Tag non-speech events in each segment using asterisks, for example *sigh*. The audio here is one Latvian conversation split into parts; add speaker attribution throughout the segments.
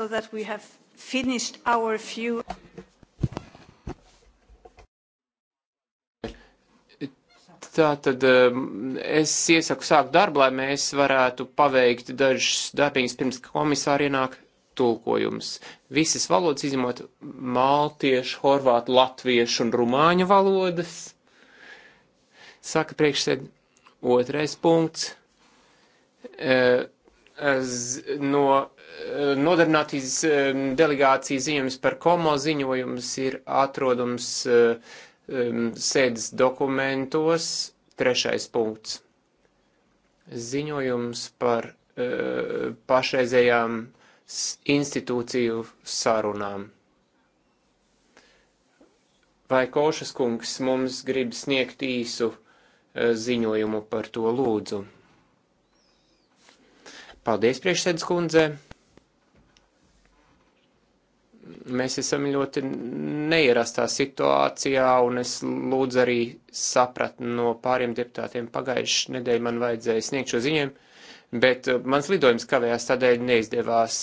Speaker 1: so that we have finished our few
Speaker 2: Tā tad um, es iesaku sākt darbu, lai mēs varētu paveikt dažas darbiņas pirms komisāri ienāk tulkojums. Visas valodas izņemot maltiešu, horvātu, latviešu un rumāņu valodas. Saka priekšsēd, otrais punkts. E, no nodarbinātīs um, delegācija ziņojums par komo ziņojums ir atrodams uh, um, sēdes dokumentos, trešais punkts. Ziņojums par uh, pašreizējām institūciju sarunām. Vai Košas kungs mums grib sniegt īsu uh, ziņojumu par to lūdzu? Paldies, priekšsēdus kundzei! Mēs esam ļoti neierastā situācijā, un es lūdzu arī sapratni no pāriem deputātiem. Pagājušajā nedēļā man vajadzēja sniegt šo ziņojumu, bet uh, mans lidojums kavējās, tādēļ neizdevās.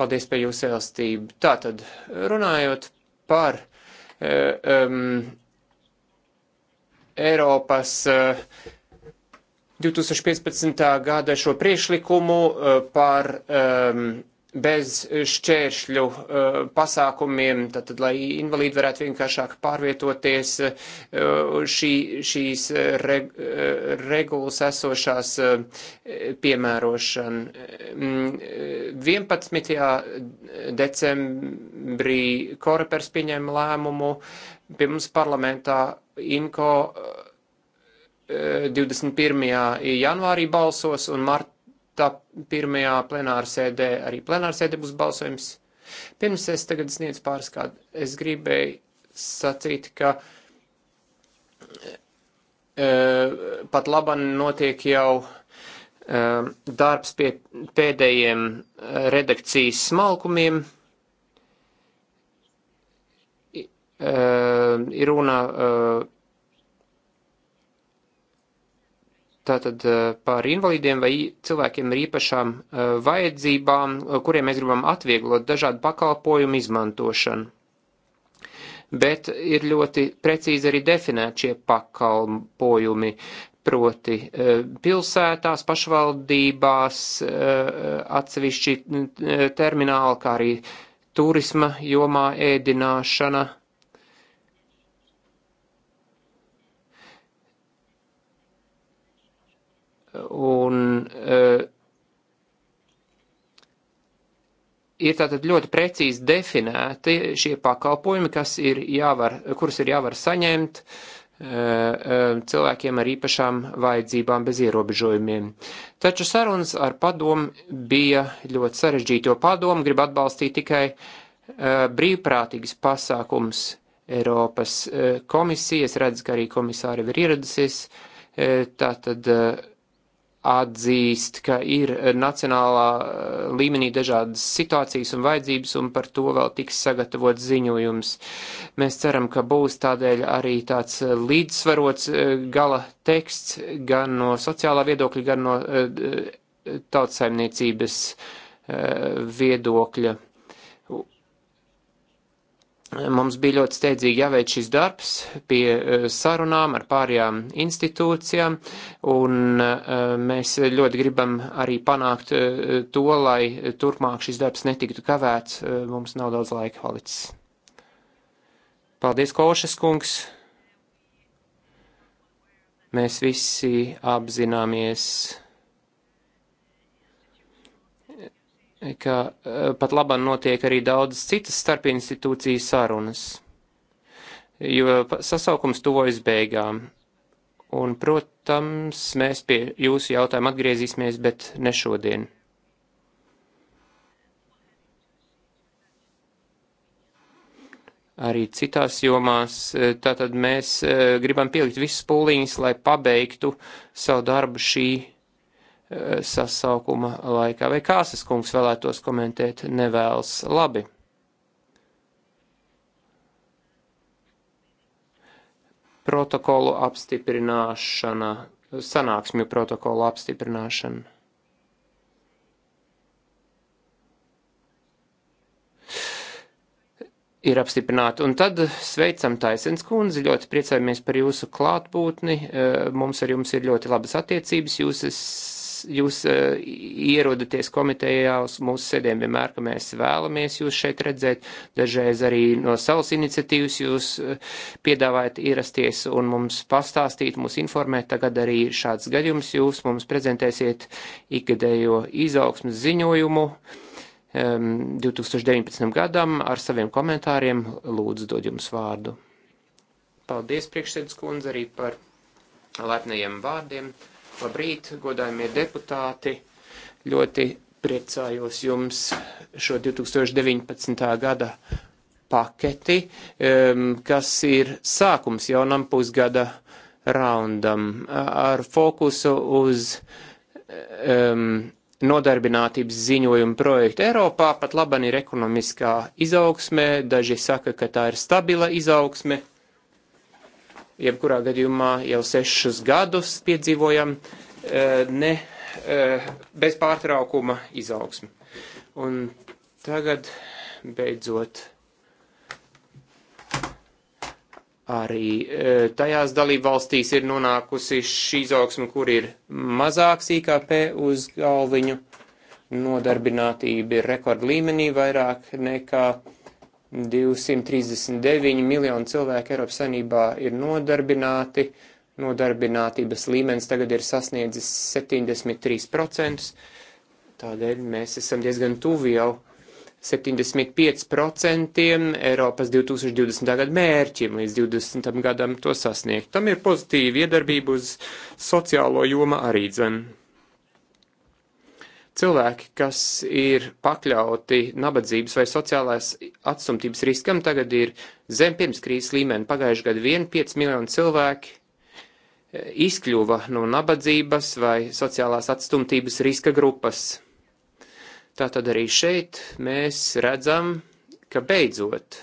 Speaker 2: Paldies par jūsu elastību. Tātad, runājot par uh, um, Eiropas uh, 2015. gada šo priešlikumu uh, par um, bez šķēršļu uh, pasākumiem, tātad, lai invalīdi varētu vienkāršāk pārvietoties, uh, šī, šīs eh, re, uh, regulas esošās piemērošana. 11. Mm, decembrī Korepers pieņēma lēmumu pie mums parlamentā INKO 21. janvārī balsos un martā marta pirmajā plenāra sēdē, arī plenāra sēdē būs balsojums. Pirms es tagad sniedzu pāris kādu, es gribēju sacīt, ka e, pat laban notiek jau e, darbs pie pēdējiem redakcijas smalkumiem. E, ir runa e, tātad eh, par invalīdiem vai cilvēkiem ar īpašām eh, vajadzībām, eh, kuriem mēs gribam atvieglot dažādu pakalpojumu izmantošanu. Bet ir ļoti precīzi arī definēt šie pakalpojumi, proti pilsētās, pašvaldībās, atsevišķi termināli, kā arī turisma jomā ēdināšana Un uh, ir tātad ļoti precīzi definēti šie pakalpojumi, kas ir jāvar, kurus ir jāvar saņemt uh, cilvēkiem ar īpašām vajadzībām bez ierobežojumiem. Taču sarunas ar padomu bija ļoti sarežģīti, jo padomu grib atbalstīt tikai uh, brīvprātīgas pasākums Eiropas komisijas, redz, ka arī komisāri ir ieradusies, tātad atzīst, ka ir nacionālā eh, līmenī dažādas situācijas un vajadzības, un par to vēl tiks sagatavots ziņojums. Mēs ceram, ka būs tādēļ arī tāds eh, līdzsvarots eh, gala teksts gan no sociālā viedokļa, gan no tautsaimniecības viedokļa mums bija ļoti steidzīgi jāveic šis darbs pie e, sarunām ar pārējām institūcijām, un e, mēs ļoti gribam arī panākt e, to, lai turpmāk šis darbs netiktu kavēts. Mums nav daudz laika palicis. Paldies, Košas kungs! Mēs visi apzināmies ka eh, pat labam notiek arī daudzas citas starpinstitūciju sarunas, jo sasaukums tuvojas beigām. Un, protams, mēs pie jūsu jautājuma atgriezīsimies, bet ne šodien. arī citās jomās. Eh, tātad mēs eh, gribam pielikt visus pūliņus, lai pabeigtu savu darbu šī Eh, sasaukuma laikā. Vai Kāsas kungs vēlētos komentēt nevēlas labi? Protokolu apstiprināšana, sanāksmju protokolu apstiprināšana. ir apstiprināta. Un tad sveicam Taisens kundzi, ļoti priecājamies par jūsu klātbūtni. Eh, mums ar jums ir ļoti labas attiecības. Jūs jūs uh, ierodaties komitejā uz mūsu sēdēm vienmēr, ka mēs vēlamies jūs šeit redzēt. Dažreiz arī no savas iniciatīvas jūs uh, piedāvājat ierasties un mums pastāstīt, mūs informēt. Tagad arī šāds gadījums jūs mums prezentēsiet ikgadējo izaugsmas ziņojumu. Um, 2019. gadam ar saviem komentāriem lūdzu dod jums vārdu. Paldies, priekšsēdus kundze, arī par lepnajiem vārdiem. Uh, Labrīt, godājumie deputāti! Ļoti priecājos jums šo 2019. gada paketi, kas ir sākums jaunam pusgada raundam ar fokusu uz um, nodarbinātības ziņojumu projektu Eiropā. Pat laban ir ekonomiskā izaugsme, daži saka, ka tā ir stabila izaugsme jebkurā gadījumā jau sešus gadus piedzīvojam e, ne e, bez pārtraukuma izaugsmi. Un tagad beidzot arī e, tajās dalībvalstīs ir nonākusi šī izaugsme, kur ir mazāks IKP uz galviņu, nodarbinātība ir rekordlīmenī vairāk nekā 239 miljoni cilvēku Eiropas Sanībā ir nodarbināti, nodarbinātības līmenis tagad ir sasniedzis 73%, tādēļ mēs esam diezgan tuvi jau 75% Eiropas 2020. gada mērķim līdz 20. gadam to sasniegt. Tam ir pozitīva iedarbība uz sociālo joma arī dzen. Cilvēki, kas ir pakļauti nabadzības vai sociālās atstumtības riskam, tagad ir zem pirms krīzes līmeni. Pagājuši gadu 1,5 miljonu cilvēki eh, izkļuva no nabadzības vai sociālās atstumtības riska grupas. Tātad arī šeit mēs redzam, ka beidzot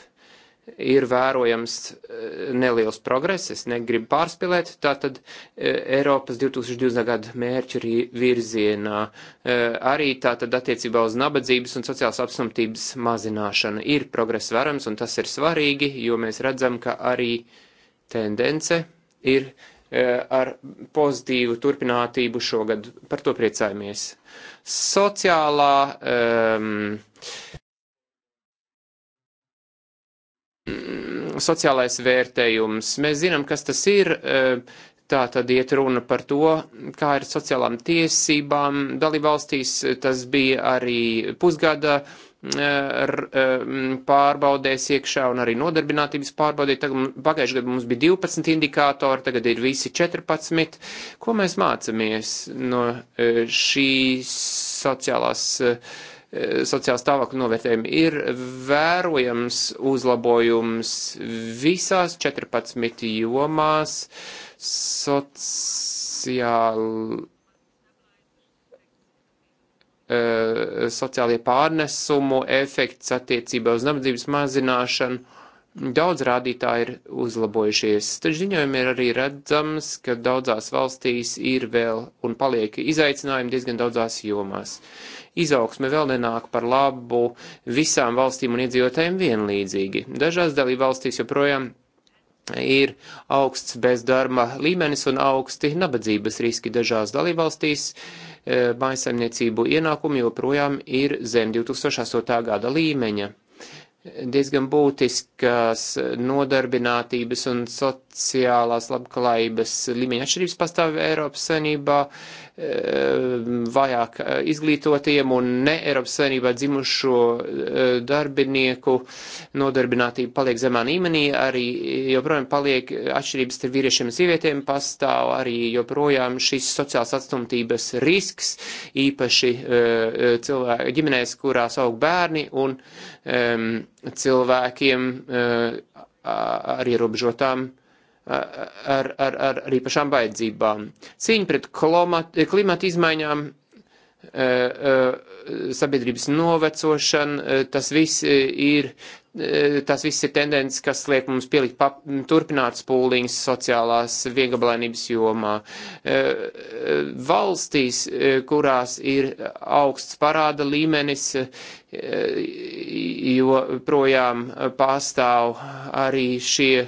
Speaker 2: ir vērojams eh, neliels progress, es negribu pārspēlēt, tātad eh, Eiropas 2020. gada mērķi arī virzienā, eh, arī tātad attiecībā uz nabadzības un sociālas apsumtības mazināšanu ir progress vērams, un tas ir svarīgi, jo mēs redzam, ka arī tendence ir ar pozitīvu turpinātību šogad. Par to priecājamies. Sociālā um, Mm, sociālais vērtējums. Mēs zinām, kas tas ir. Eh, tā tad iet runa par to, kā ir sociālām tiesībām dalībvalstīs. Tas bija arī pusgada eh, eh, pārbaudēs iekšā un arī nodarbinātības pārbaudē. Pagājušajā gadā mums bija 12 indikātori, tagad ir visi 14. Ko mēs mācāmies no šīs sociālās uh, E, sociāla stāvokļa novērtējumu, ir vērojams uzlabojums visās 14 jomās sociāli. E, sociālie pārnesumu efekts attiecībā uz nabadzības mazināšanu Daudz rādītāji ir uzlabojušies, taču ziņojumi ir arī redzams, ka daudzās valstīs ir vēl un paliek izaicinājumi diezgan daudzās jomās. Izaugsme vēl nenāk par labu visām valstīm un iedzīvotājiem vienlīdzīgi. Dažās dalība valstīs joprojām ir augsts bezdarba līmenis un augsti nabadzības riski dažās dalībvalstīs. Eh, Mājasaimniecību ienākumi joprojām ir zem 2008. gada līmeņa diezgan būtiskas nodarbinātības un sociālās labklājības līmeņa atšķirības pastāv Eiropas saimnībā. Uh, Eh, vajāk eh, izglītotiem un ne Eiropas Savienībā dzimušo eh, darbinieku nodarbinātība paliek zemā līmenī, arī joprojām paliek atšķirības starp vīriešiem un sievietēm, pastāv arī joprojām šis sociāls atstumtības risks, īpaši cilvēki ģimenēs, kurās aug bērni un cilvēkiem ar ierobežotām uh, ar, ar, ar, ar īpašām vajadzībām. Cīņa pret klomat, klimata izmaiņām, eh, eh, sabiedrības novecošana, eh, tas viss ir. Tas viss ir tendence, kas liek mums pielikt pap, turpināt spūliņas sociālās viegablainības jomā. Valstīs, kurās ir augsts parāda līmenis, jo projām pastāv arī šie uh,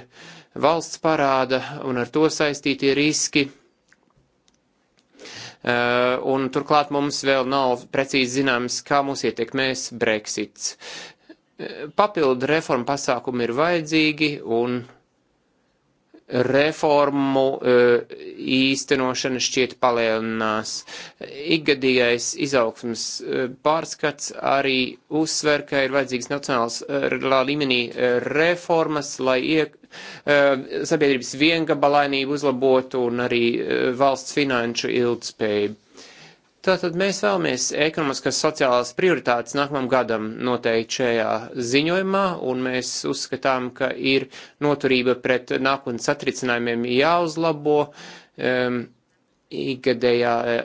Speaker 2: valsts parāda un ar to saistītie riski. Uh, un turklāt mums vēl nav precīzi zināms, kā mūs ietekmēs Brexits. Uh, papildu reformu pasākumi ir vajadzīgi un uh, reformu e, īstenošana šķiet palielinās. Ikgadīgais izaugsmas e, pārskats arī uzsver, ka ir vajadzīgs nacionāls e, līmenī reformas, lai iek, sabiedrības viengabalainību uzlabotu un arī valsts finanšu ilgspējību Tātad mēs vēlamies ekonomiskās sociālās prioritātes nākamam gadam noteikti šajā ziņojumā, un mēs uzskatām, ka ir noturība pret nākotnes satricinājumiem jāuzlabo. Um, Ikgadējā e,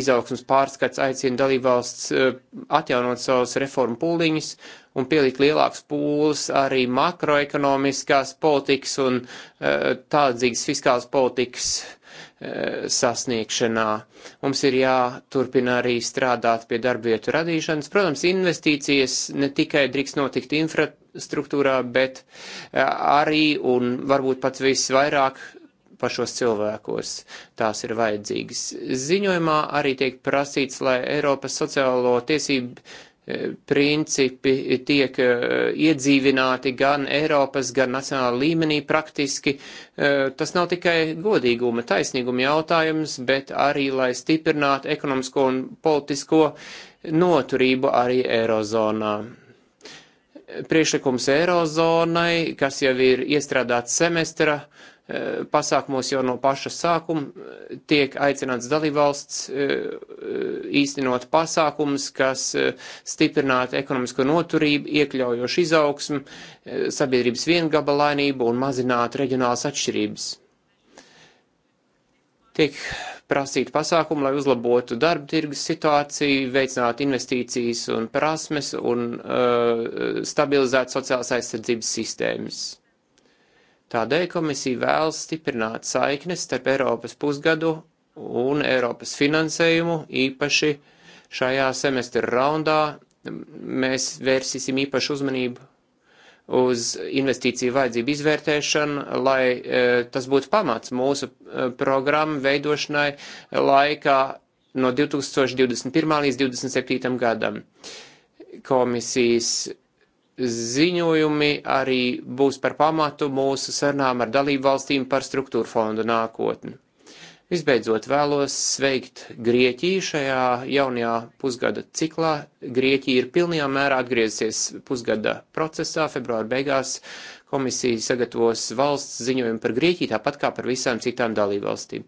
Speaker 2: izaugsmas pārskats aicina dalībvalsts e, atjaunot savus reformu pūliņus un pielikt lielāks pūles arī makroekonomiskās politikas un uh, e, tādzīgas fiskālas politikas uh, E, sasniegšanā. Mums ir jāturpina arī strādāt pie darbvietu radīšanas. Protams, investīcijas ne tikai drīkst notikt infrastruktūrā, bet e, arī un varbūt pat visvairāk pašos cilvēkos tās ir vajadzīgas. Ziņojumā arī tiek prasīts, lai Eiropas sociālo tiesību principi tiek eh, iedzīvināti gan Eiropas, gan nacionāla līmenī praktiski. Eh, tas nav tikai godīguma, taisnīguma jautājums, bet arī, lai stiprinātu ekonomisko un politisko noturību arī Eirozonā. Priekšlikums Eirozonai, kas jau ir iestrādāts semestra uh, Eh, pasākumos jau no paša sākuma eh, tiek aicināts dalībvalsts eh, īstenot pasākumus, kas stiprinātu ekonomisko noturību, iekļaujošu izaugsmu, sabiedrības viengabalainību un mazinātu reģionālas atšķirības. Tiek prasīt pasākumu, lai uzlabotu darba tirgus situāciju, veicinātu investīcijas un prasmes un uh, stabilizētu sociālās aizsardzības sistēmas. Tādēļ komisija vēlas stiprināt saiknes starp Eiropas pusgadu un Eiropas finansējumu, īpaši šajā semestra raundā mēs vērsīsim īpašu uzmanību uz investīciju vajadzību izvērtēšanu, lai e, tas būtu pamats mūsu e, programmu veidošanai laikā no 2021. līdz 2027. gadam. Komisijas ziņojumi arī būs par pamatu mūsu sarunām ar dalību valstīm par struktūra fondu nākotni. Visbeidzot, vēlos sveikt Grieķiju šajā jaunajā pusgada ciklā. Grieķija ir pilnajā mērā atgriezies pusgada procesā. Februāra beigās komisija sagatavos valsts ziņojumu par Grieķiju, tāpat kā par visām citām dalībvalstīm.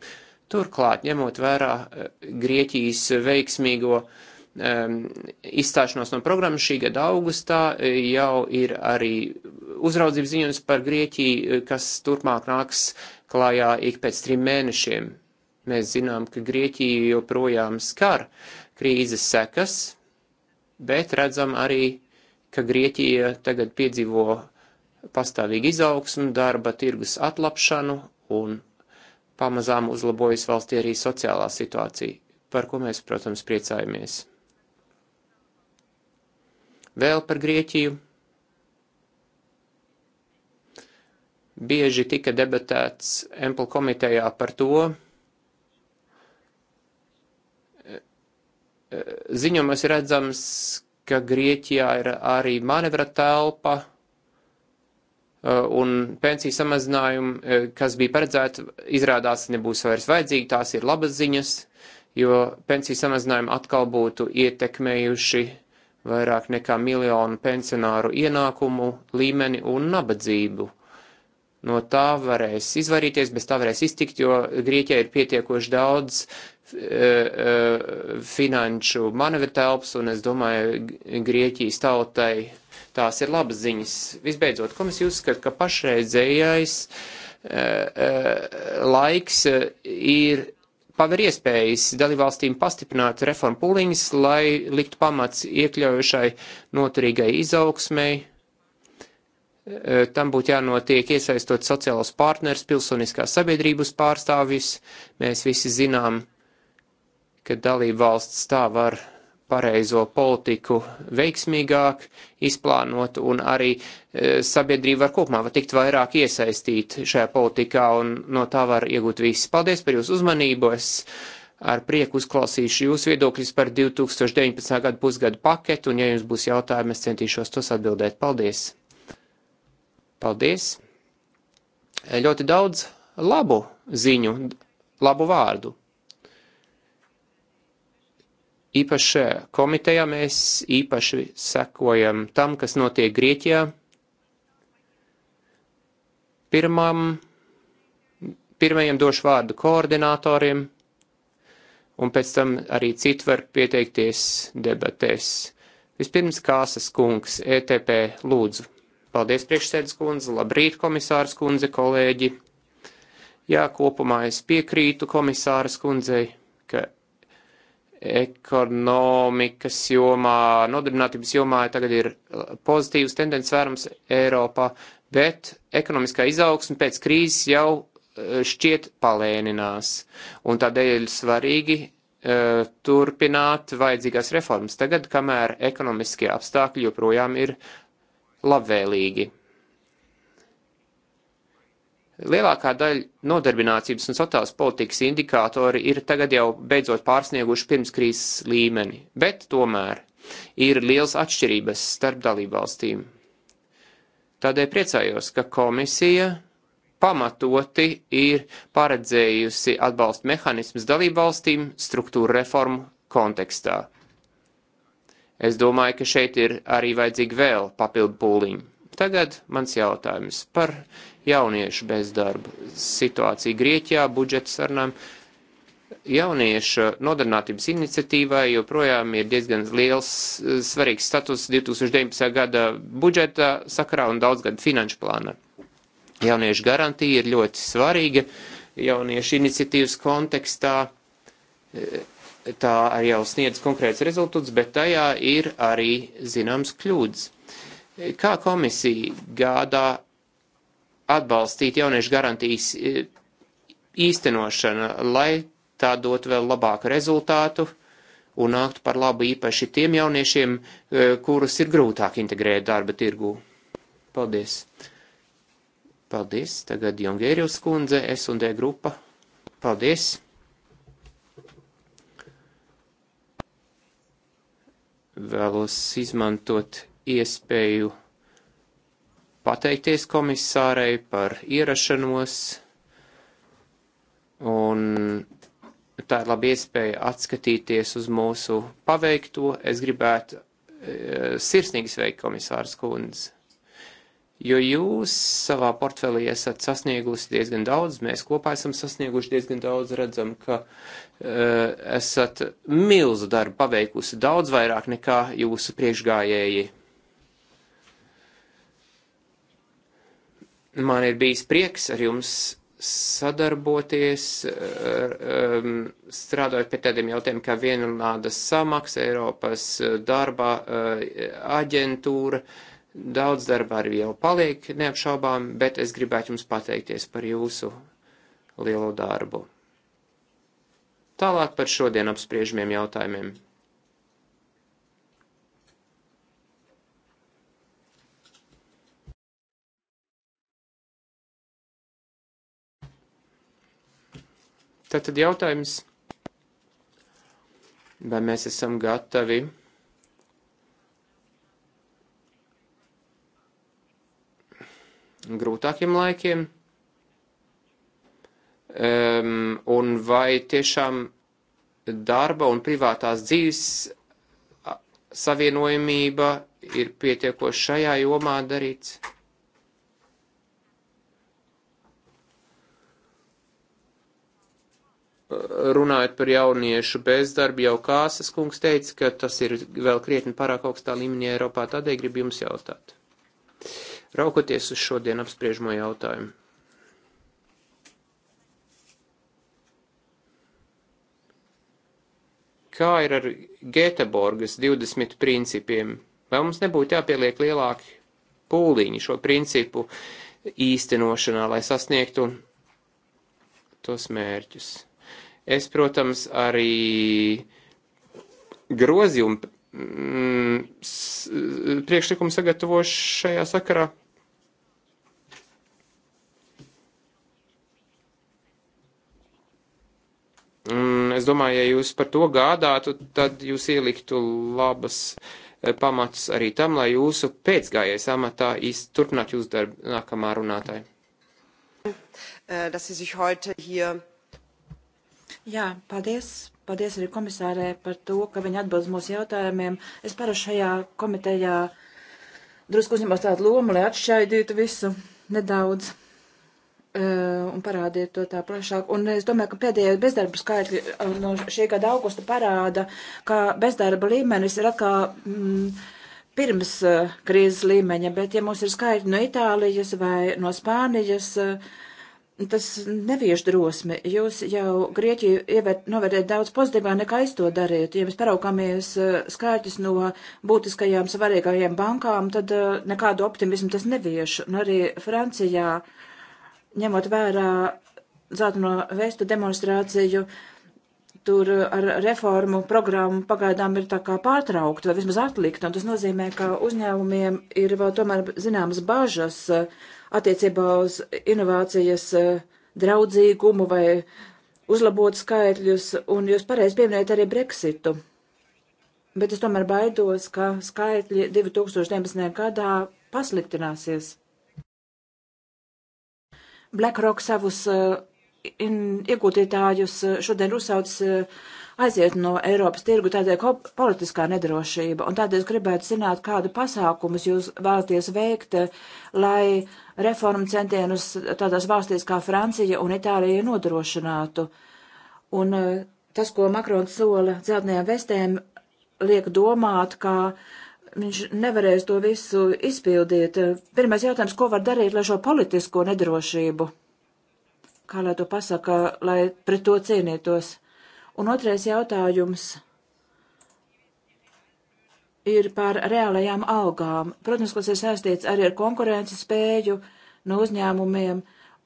Speaker 2: Turklāt, ņemot vērā eh, Grieķijas veiksmīgo uh, um, izstāšanos no programmas šī gada augustā jau ir arī uzraudzības ziņojums par Grieķiju, kas turpmāk nāks klājā ik pēc trim mēnešiem. Mēs zinām, ka Grieķija joprojām skar krīzes sekas, bet redzam arī, ka Grieķija tagad piedzīvo pastāvīgu izaugsmu, darba tirgus atlapšanu un pamazām uzlabojas valstī arī sociālā situācija, par ko mēs, protams, priecājamies. Vēl par Grieķiju. Bieži tika debatēts Empel komitejā par to, e, e, ziņojumos redzams, ka Grieķijā ir arī manevra telpa e, un pensiju samazinājumi, kas bija paredzēti, izrādās nebūs vairs vajadzīgi, tās ir labas ziņas, jo pensiju samazinājumi atkal būtu ietekmējuši uh, vairāk nekā miljonu pensionāru ienākumu līmeni un nabadzību. No tā varēs izvairīties, bez tā varēs iztikt, jo Grieķijai ir pietiekoši daudz e, e, finanšu manevru telpas, un es domāju, Grieķijas tautai tās ir labas ziņas. Visbeidzot, komisija uzskata, ka pašreizējais e, e, laiks ir paver iespējas dalībvalstīm pastiprināt reformu pūliņas, lai liktu pamats iekļaujušai noturīgai izaugsmei. E, tam būtu jānotiek iesaistot sociālos partners, pilsoniskās sabiedrības pārstāvjus. Mēs visi zinām, ka dalībvalsts tā var pareizo politiku veiksmīgāk izplānot un arī e, sabiedrība var kopumā var tikt vairāk iesaistīt šajā politikā un no tā var iegūt visi. Paldies par jūsu uzmanību! Es ar prieku uzklausīšu jūsu viedokļus par 2019. gadu pusgadu paketu un, ja jums būs jautājumi, es centīšos tos atbildēt. Paldies! Paldies! E, ļoti daudz labu ziņu, labu vārdu. Īpašajā komitejā mēs īpaši sekojam tam, kas notiek Grieķijā. Pirmam, pirmajam došu vārdu koordinatoriem, un pēc tam arī citi var pieteikties debatēs. Vispirms Kāsas kungs, ETP, lūdzu. Paldies, priekšsēdus kundze, labrīt, komisārs kundze, kolēģi. Jā, kopumā es piekrītu komisāras kundzei, ka ekonomikas jomā, nodarbinātības jomā tagad ir pozitīvas tendences vērams Eiropā, bet ekonomiskā izaugsme pēc krīzes jau eh, šķiet palēninās. Un tādēļ ir svarīgi uh, turpināt vajadzīgās reformas tagad, kamēr ekonomiskie apstākļi joprojām ir labvēlīgi. Lielākā daļa nodarbinātības un sociālās politikas indikātori ir tagad jau beidzot pārsnieguši pirmskrīzes līmeni, bet tomēr ir liels atšķirības starp dalībvalstīm. Tādēļ priecājos, ka komisija pamatoti ir paredzējusi atbalsta mehānismus dalībvalstīm struktūra reformu kontekstā. Es domāju, ka šeit ir arī vajadzīgi vēl papildu pūliņi. Tagad mans jautājums par jauniešu bezdarbu, situāciju Grieķijā, budžeta sarunām. Jauniešu nodarbinātības iniciatīvai joprojām ir diezgan liels, eh, svarīgs status 2019. gada budžeta sakarā un daudzgada finanšu plāna. Jauniešu garantija ir ļoti svarīga jauniešu iniciatīvas kontekstā eh, tā arī jau sniedz konkrēts rezultāts, bet tajā ir arī zināms kļūdas. Eh, kā komisija gādā atbalstīt jauniešu garantijas e, īstenošanu, lai tā dot vēl labāku rezultātu un nāktu par labu īpaši tiem jauniešiem, e, kurus ir grūtāk integrēt darba tirgū. Paldies! Paldies! Tagad Jongērijus kundze, S&D grupa. Paldies! Vēlos izmantot iespēju pateikties komisārei par ierašanos, un tā ir laba iespēja atskatīties uz mūsu paveikto. Es gribētu e, sirsnīgi sveikt komisārs kundzi, jo jūs savā portfelī esat sasniegusi diezgan daudz, mēs kopā esam sasnieguši diezgan daudz, redzam, ka e, esat milzu darbu paveikusi daudz vairāk nekā jūsu priekšgājēji Man ir bijis prieks ar jums sadarboties, um, strādājot pie tādiem jautājumiem kā vienlāda samaksa, Eiropas darba uh, aģentūra. Daudz darba arī jau paliek neapšaubām, bet es gribētu jums pateikties par jūsu lielo darbu. Tālāk par šodien apspriežamiem jautājumiem. Tātad jautājums, vai mēs esam gatavi grūtākiem laikiem, um, un vai tiešām darba un privātās dzīves savienojamība ir pietiekoši šajā jomā darīts. runājot par jauniešu bezdarbu, jau Kāsas kungs teica, ka tas ir vēl krietni pārāk augstā līmenī Eiropā, tādēļ gribu jums jautāt. Raukoties uz šodien apspriežamo jautājumu. Kā ir ar Gēteborgas 20 principiem? Vai mums nebūtu jāpieliek lielāki pūliņi šo principu īstenošanā, lai sasniegtu tos mērķus? Es, protams, arī grozījumu mm, priekšlikumu sagatavošu šajā sakarā. Mm, es domāju, ja jūs par to gādātu, tad jūs ieliktu labas eh, pamatus arī tam, lai jūsu pēcgājais amatā turpinātu jūsu darbu nākamā runātāja.
Speaker 3: Äh, dass Sie sich heute hier Jā, paldies. Paldies arī komisārē par to, ka viņa atbild mūsu jautājumiem. Es parasti šajā komitejā drusku uzņemos tādu lomu, lai atšķaidītu visu nedaudz e, un parādiet to tā plašāk. Un es domāju, ka pēdējie bezdarba skaitļi e, no šī gada augusta parāda, ka bezdarba līmenis ir atkal mm, pirms e, krīzes līmeņa, bet ja mums ir skaitļi no Itālijas vai no Spānijas, uh, tas nevieš drosmi. Jūs jau Grieķiju ievērt, novērtējat daudz pozitīvāk nekā es to darītu. Ja mēs paraukāmies eh, skaitļus no būtiskajām svarīgajām bankām, tad eh, nekādu optimismu tas nevieš. Un arī Francijā, ņemot vērā zeltaino vēstu demonstrāciju, tur ar reformu programmu pagaidām ir tā kā pārtraukta vai vismaz atlikta, un tas nozīmē, ka uzņēmumiem ir vēl tomēr zināmas bažas. Uh, attiecībā uz inovācijas eh, draudzīgumu vai uzlabot skaitļus, un jūs pareizi pieminējat arī Brexitu. Bet es tomēr baidos, ka skaitļi 2019. gadā pasliktināsies. BlackRock savus eh, in, iegūtītājus eh, šodien uzsauc uh, aiziet no Eiropas tirgu tādēļ politiskā nedrošība, un tādēļ es gribētu zināt, kādu pasākumus jūs vēlaties veikt, eh, lai reformu centienus tādās valstīs kā Francija un Itālija nodrošinātu. Un eh, tas, ko Makrons sola dzeltniem vestēm, liek domāt, ka viņš nevarēs to visu izpildīt. Pirmais jautājums, ko var darīt, lai šo politisko nedrošību, kā lai to pasaka, lai pret to cīnītos? Un otrais jautājums ir par reālajām algām. Protams, kas ir saistīts arī ar konkurences spēju no uzņēmumiem.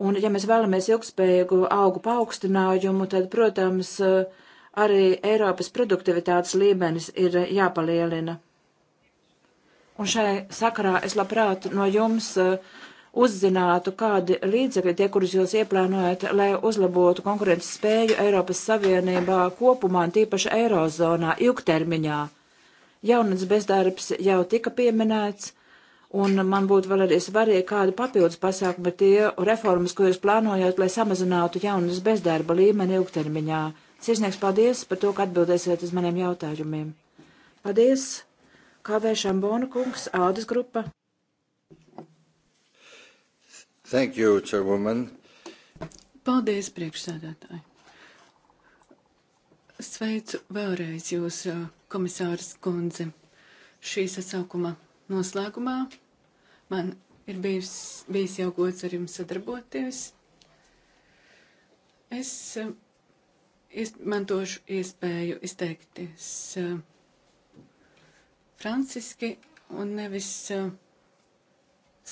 Speaker 3: Un, ja mēs vēlamies ilgspējīgu augu paaugstinājumu, tad, protams, arī Eiropas produktivitātes līmenis ir jāpalielina. Un šai sakarā es labprāt no jums uh, uzzinātu, kādi līdzekļi tie, kurus jūs ieplānojat, lai uzlabotu konkurences spēju Eiropas Savienībā kopumā un tīpaši Eirozonā ilgtermiņā. Jaunats bezdarbs jau tika pieminēts, un man būtu vēl arī svarīgi, kādi papildus pasākumi tie reformas, ko jūs plānojat, lai samazinātu jaunas bezdarba līmeni ilgtermiņā. Sirsnieks, paldies par to, ka atbildēsiet uz maniem jautājumiem. Paldies! Kā vēršām Bona kungs, Ādas grupa. Thank you, Chairwoman.
Speaker 1: Paldies, priekšsēdētāji. Sveicu vēlreiz jūs, uh, komisārs Kundze. Šī sasaukuma noslēgumā man ir bijis, bijis jau gods ar jums sadarboties. Es izmantošu uh, iespēju izteikties uh, franciski un nevis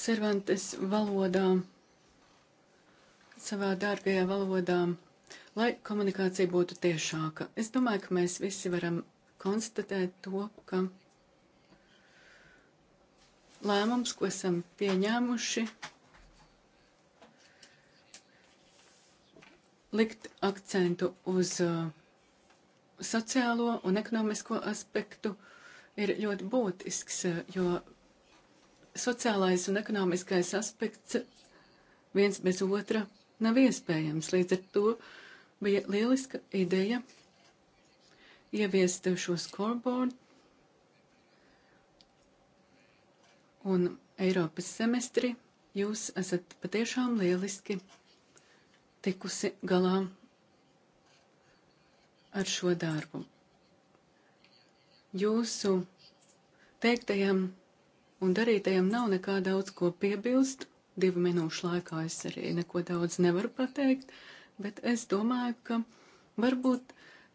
Speaker 1: servantes valodām savā dārgajā valodā, lai komunikācija būtu tiešāka. Es domāju, ka mēs visi varam konstatēt to, ka lēmums, ko esam pieņēmuši, likt akcentu uz uh, sociālo un ekonomisko aspektu ir ļoti būtisks, uh, jo sociālais un ekonomiskais aspekts viens bez otra nav iespējams. Līdz ar to bija lieliska ideja ieviest šo scoreboard un Eiropas semestri. Jūs esat patiešām lieliski tikusi galā ar šo darbu. Jūsu teiktajam un darītajam nav nekā daudz ko piebilst divu minūšu laikā es arī neko daudz nevaru pateikt, bet es domāju, ka varbūt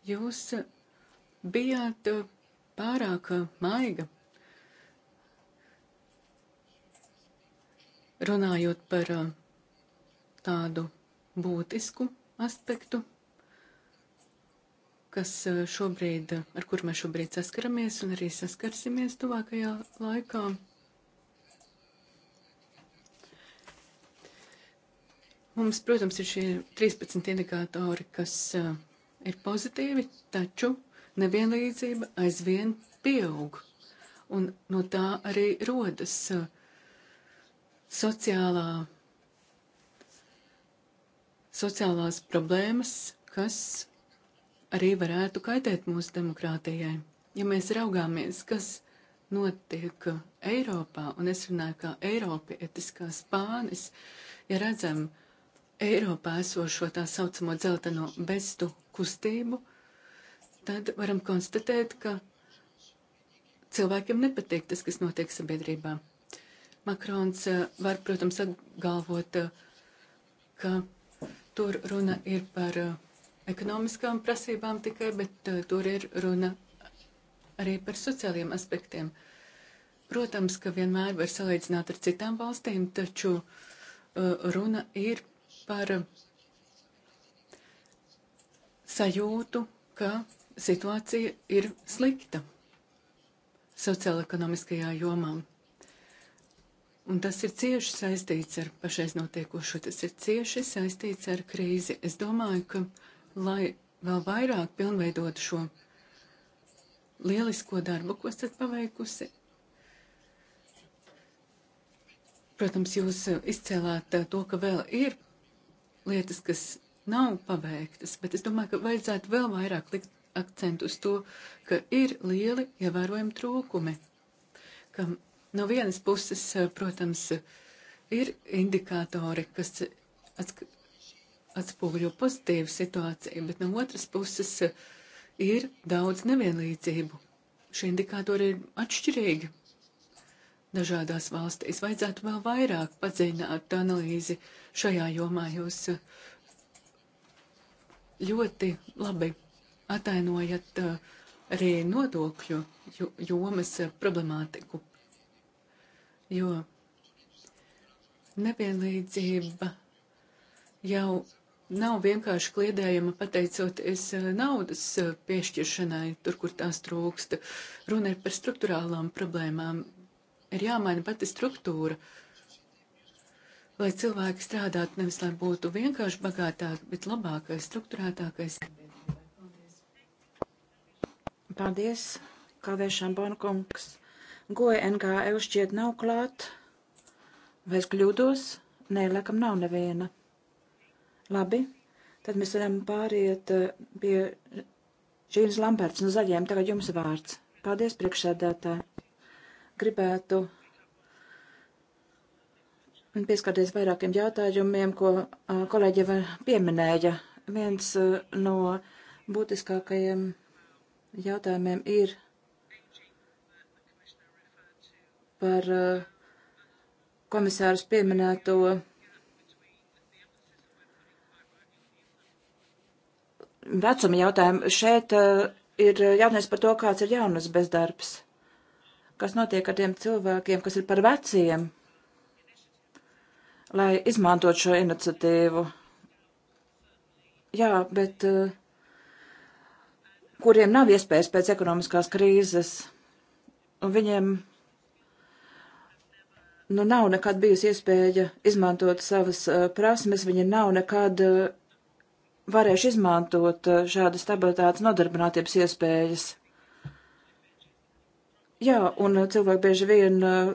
Speaker 1: jūs bijāt pārāk maiga. Runājot par uh, tādu būtisku aspektu, kas uh, šobrīd, ar kur mēs šobrīd saskaramies un arī saskarsimies tuvākajā laikā. Mums, protams, ir šie 13 indikātori, kas uh, ir pozitīvi, taču nevienlīdzība aizvien pieaug. Un no tā arī rodas uh, sociālā, sociālās problēmas, kas arī varētu kaitēt mūsu demokrātijai. Ja mēs raugāmies, kas notiek Eiropā, un es runāju kā Eiropietis, kā Spānis, ja redzam, uh, Eiropā esošo tā saucamo dzelteno bestu kustību, tad varam konstatēt, ka cilvēkiem nepatīk tas, kas notiek sabiedrībā. Makrons eh, var, protams, atgalvot, eh, ka tur runa ir par eh, ekonomiskām prasībām tikai, bet tur ir runa arī par sociāliem aspektiem. Protams, ka vienmēr var salīdzināt ar citām valstīm, taču runa ir par par eh, sajūtu, ka situācija ir slikta sociālajā jomā. Un tas ir cieši saistīts ar pašreiz notiekošo, tas ir cieši saistīts ar krīzi. Es domāju, ka, lai vēl vairāk pilnveidotu šo lielisko darbu, ko esat paveikusi, protams, jūs eh, izcēlāt eh, to, ka vēl ir lietas, kas nav paveiktas, bet es domāju, ka vajadzētu vēl vairāk likt akcentu uz to, ka ir lieli ievērojami trūkumi, ka no vienas puses, eh, protams, ir indikātori, kas atspoguļo pozitīvu situāciju, bet no otras puses eh, ir daudz nevienlīdzību. Šie indikātori ir atšķirīgi dažādās valstīs. Vajadzētu vēl vairāk padziļināt analīzi šajā jomā. Jūs eh, ļoti labi atainojat eh, arī nodokļu jomas eh, problemātiku, jo nevienlīdzība jau nav vienkārši kliedējama pateicoties naudas piešķiršanai, tur, kur tās trūkst. Runa ir par struktūrālām problēmām, ir jāmaina pati struktūra, lai cilvēki strādātu nevis lai būtu vienkārši bagātāki, bet labākais, struktūrētākais.
Speaker 3: Paldies, Kalvēšana Bonkungs. Goja NKL šķiet nav klāt. Vai es kļūdos? Nē, laikam nav neviena. Labi, tad mēs varam pāriet eh, pie Žīnas Lamberts no zaļiem. Tagad jums vārds. Paldies, priekšsēdētāji gribētu pieskarties vairākiem jautājumiem, ko kolēģi jau pieminēja. Viens no būtiskākajiem jautājumiem ir par komisārus pieminēto vecuma jautājumu. Šeit ir jautājums par to, kāds ir jaunas bezdarbs kas notiek ar tiem cilvēkiem, kas ir par veciem, lai izmantot šo iniciatīvu. Jā, bet eh, kuriem nav iespējas pēc ekonomiskās krīzes, un viņiem nu, nav nekad bijusi iespēja izmantot savas eh, prasmes, viņi nav nekad eh, varējuši izmantot šādas stabilitātes nodarbinātības iespējas. Jā, un uh, cilvēki bieži vien uh,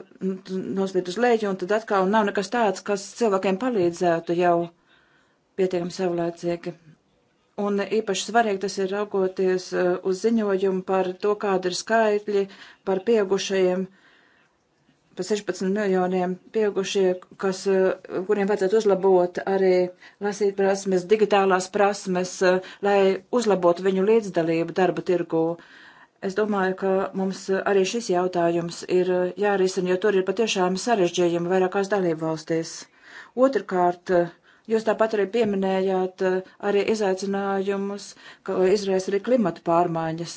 Speaker 3: nospiež uz leju, un tad atkal nav nekas tāds, kas cilvēkiem palīdzētu jau pietiekami savlaicīgi. Un uh, īpaši svarīgi tas ir raugoties uz ziņojumu par to, kāda ir skaitļi par pieaugušajiem, par 16 miljoniem pieaugušie, kas, kuriem vajadzētu uzlabot arī lasīt prasmes, digitālās prasmes, lai uzlabotu viņu līdzdalību darba tirgū. Uh, Es domāju, ka mums arī šis jautājums ir eh, jārisina, jo tur ir patiešām sarežģījumi vairākās dalību valstīs. Otrkārt, eh, jūs tāpat arī pieminējāt eh, arī izaicinājumus, ka izraisa arī klimatu pārmaiņas.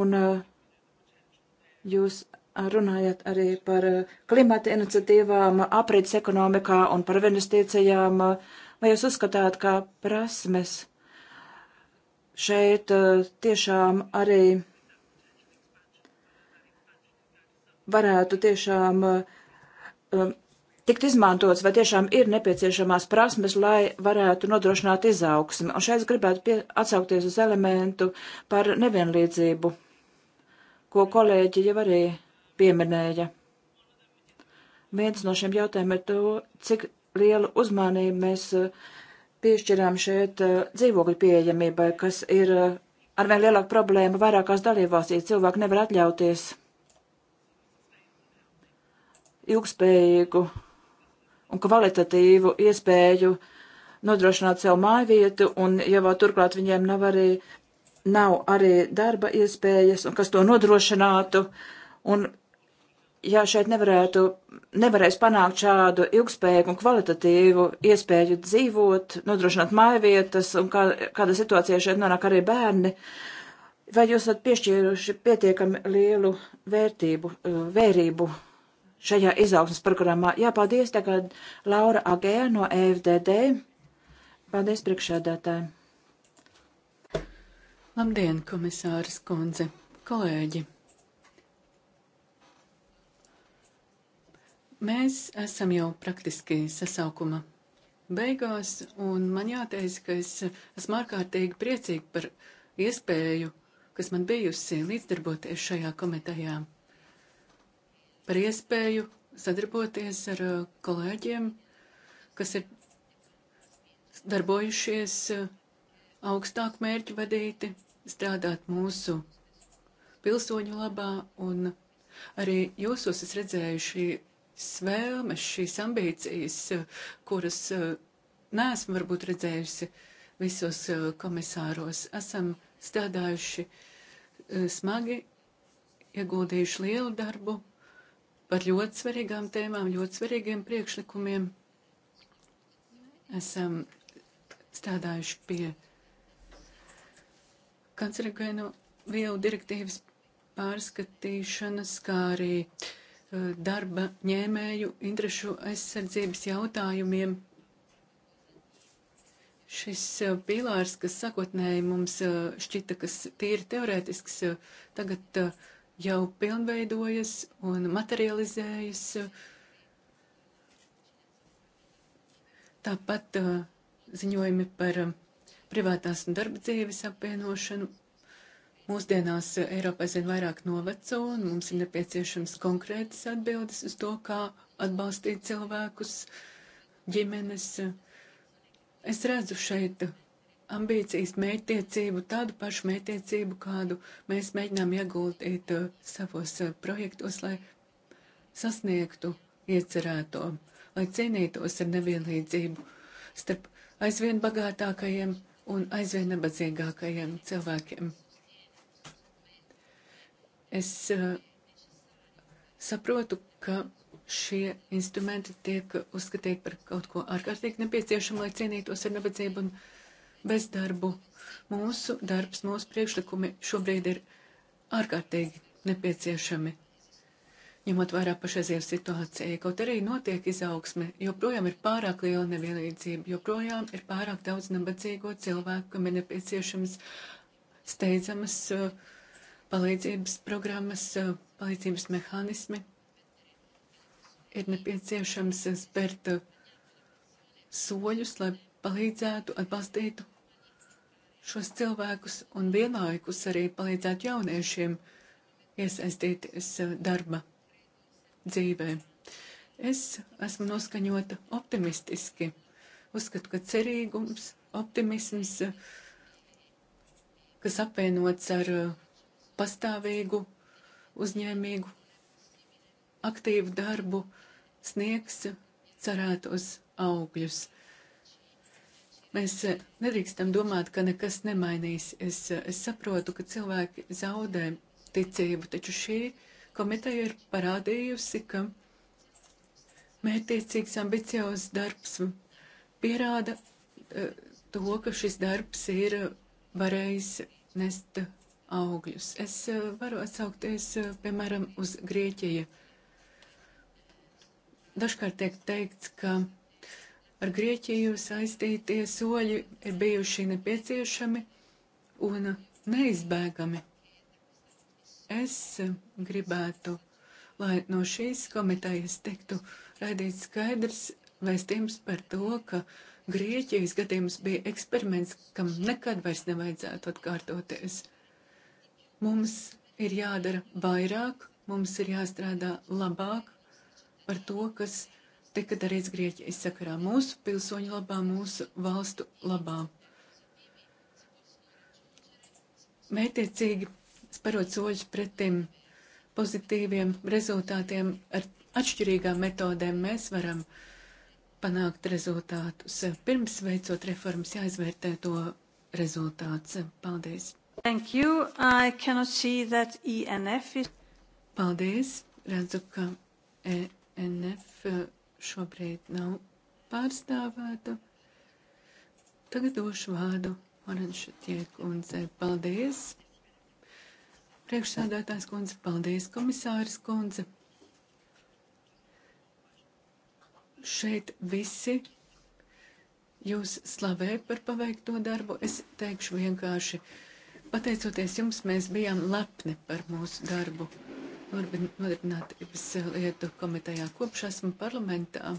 Speaker 3: Un jūs runājat arī par klimata iniciatīvām, aprits ekonomikā un par investīcijām. Vai jūs uzskatāt, ka prasmes šeit eh, tiešām arī varētu tiešām eh, eh, tikt izmantots, vai tiešām ir nepieciešamās prasmes, lai varētu nodrošināt izaugsmi. Un šeit es gribētu pie, atsaukties uz elementu par nevienlīdzību, ko kolēģi jau arī pieminēja. Viens no šiem jautājumiem ir to, cik lielu uzmanību mēs uh, piešķirām šeit eh, dzīvokļu pieejamībai, kas ir eh, arvien lielāka problēma vairākās dalībvalstīs. Cilvēki nevar atļauties ilgspējīgu un kvalitatīvu iespēju nodrošināt sev māju vietu, un jau turklāt viņiem nav arī, nav arī darba iespējas, un kas to nodrošinātu, un ja šeit nevarētu, nevarēs panākt šādu ilgspējīgu un kvalitatīvu iespēju dzīvot, nodrošināt mājvietas un kā, kāda situācija šeit nonāk arī bērni, vai jūs esat piešķīruši pietiekami lielu vērtību, eh, vērību šajā izaugsmas programmā? Jā, paldies tagad Laura
Speaker 1: Agēja no EFDD. Paldies priekšēdētājiem. Labdien, komisāras kundze, kolēģi! Mēs esam jau praktiski sasaukuma beigās, un man jāteic, ka es esmu ārkārtīgi priecīgi par iespēju, kas man bijusi līdzdarboties šajā komitejā, par iespēju sadarboties ar uh, kolēģiem, kas ir darbojušies uh, augstāk mērķu vadīti, strādāt mūsu pilsoņu labā, un arī jūsos es redzēju šī svēlmes, šīs ambīcijas, kuras eh, neesmu varbūt redzējusi visos eh, komisāros. Esam strādājuši eh, smagi, ieguldījuši lielu darbu par ļoti svarīgām tēmām, ļoti svarīgiem priekšlikumiem. Esam strādājuši pie kancerogēnu vielu direktīvas pārskatīšanas, kā arī uh, Eh, darba ņēmēju interešu aizsardzības jautājumiem. Šis eh, pīlārs, kas sakotnēji mums eh, šķita, kas tīri teorētisks, tagad jau pilnveidojas un materializējas. Tāpat ziņojumi par privātās un darba dzīves apvienošanu Mūsdienās eh, Eiropa aizvien vairāk noveco, un mums ir nepieciešams konkrētas atbildes uz to, kā atbalstīt cilvēkus, ģimenes. Es redzu šeit ambīcijas mērķtiecību, tādu pašu mērķtiecību, kādu mēs mēģinām ieguldīt eh, savos eh, projektos, lai sasniegtu iecerēto, lai cīnītos ar nevienlīdzību starp aizvien bagātākajiem un aizvien nabadzīgākajiem cilvēkiem. Es uh, saprotu, ka šie instrumenti tiek uzskatīti par kaut ko ārkārtīgi nepieciešamu, lai cīnītos ar nabadzību un bezdarbu. Mūsu darbs, mūsu priekšlikumi šobrīd ir ārkārtīgi nepieciešami. Ņemot vērā pašreizēju situāciju, kaut arī notiek izaugsme, joprojām ir pārāk liela nevienlīdzība, joprojām ir pārāk daudz nabadzīgo cilvēku, kam ir nepieciešams steidzamas uh, palīdzības programmas, eh, palīdzības mehānismi. Ir nepieciešams spērt eh, soļus, lai palīdzētu, atbalstītu šos cilvēkus un vienlaikus arī palīdzētu jauniešiem iesaistīties eh, darba dzīvē. Es esmu noskaņota optimistiski. Uzskatu, ka cerīgums, optimisms, kas apvienots ar uh, pastāvīgu, uzņēmīgu, aktīvu darbu sniegs cerētos augļus. Mēs eh, nedrīkstam domāt, ka nekas nemainīsies. Eh, es saprotu, ka cilvēki zaudē ticību, taču šī komiteja ir parādījusi, ka mērķiecīgs, ambiciozs darbs pierāda eh, to, ka šis darbs ir varējis nest augļus. Es eh, varu atsaukties, eh, piemēram, uz Grieķiju. Dažkārt tiek teikts, ka ar Grieķiju saistītie soļi ir bijuši nepieciešami un neizbēgami. Es eh, gribētu, lai no šīs komitejas tiktu raidīts skaidrs vēstījums par to, ka Grieķijas gadījums bija eksperiments, kam nekad vairs nevajadzētu atkārtoties. Mums ir jādara vairāk, mums ir jāstrādā labāk par to, kas tika darīts Grieķijas sakarā mūsu pilsoņu labā, mūsu valstu labā. Mērķiecīgi sparot soļus pretim pozitīviem rezultātiem ar atšķirīgām metodēm mēs varam panākt rezultātus. Pirms veicot reformas jāizvērtē to rezultāts. Paldies! Thank you. I cannot see that ENF is. Paldies. Redzu, ka ENF eh, šobrīd nav pārstāvēta. Tagad došu vārdu Oranšatie kundze. Paldies. Priekšsādātājs kundze, paldies, komisāris kundze. Šeit visi jūs slavē par paveikto darbu. Es teikšu vienkārši Pateicoties jums, mēs bijām lepni par mūsu darbu Nodarbinātības eh, lietu komitejā. Kopš esmu parlamentā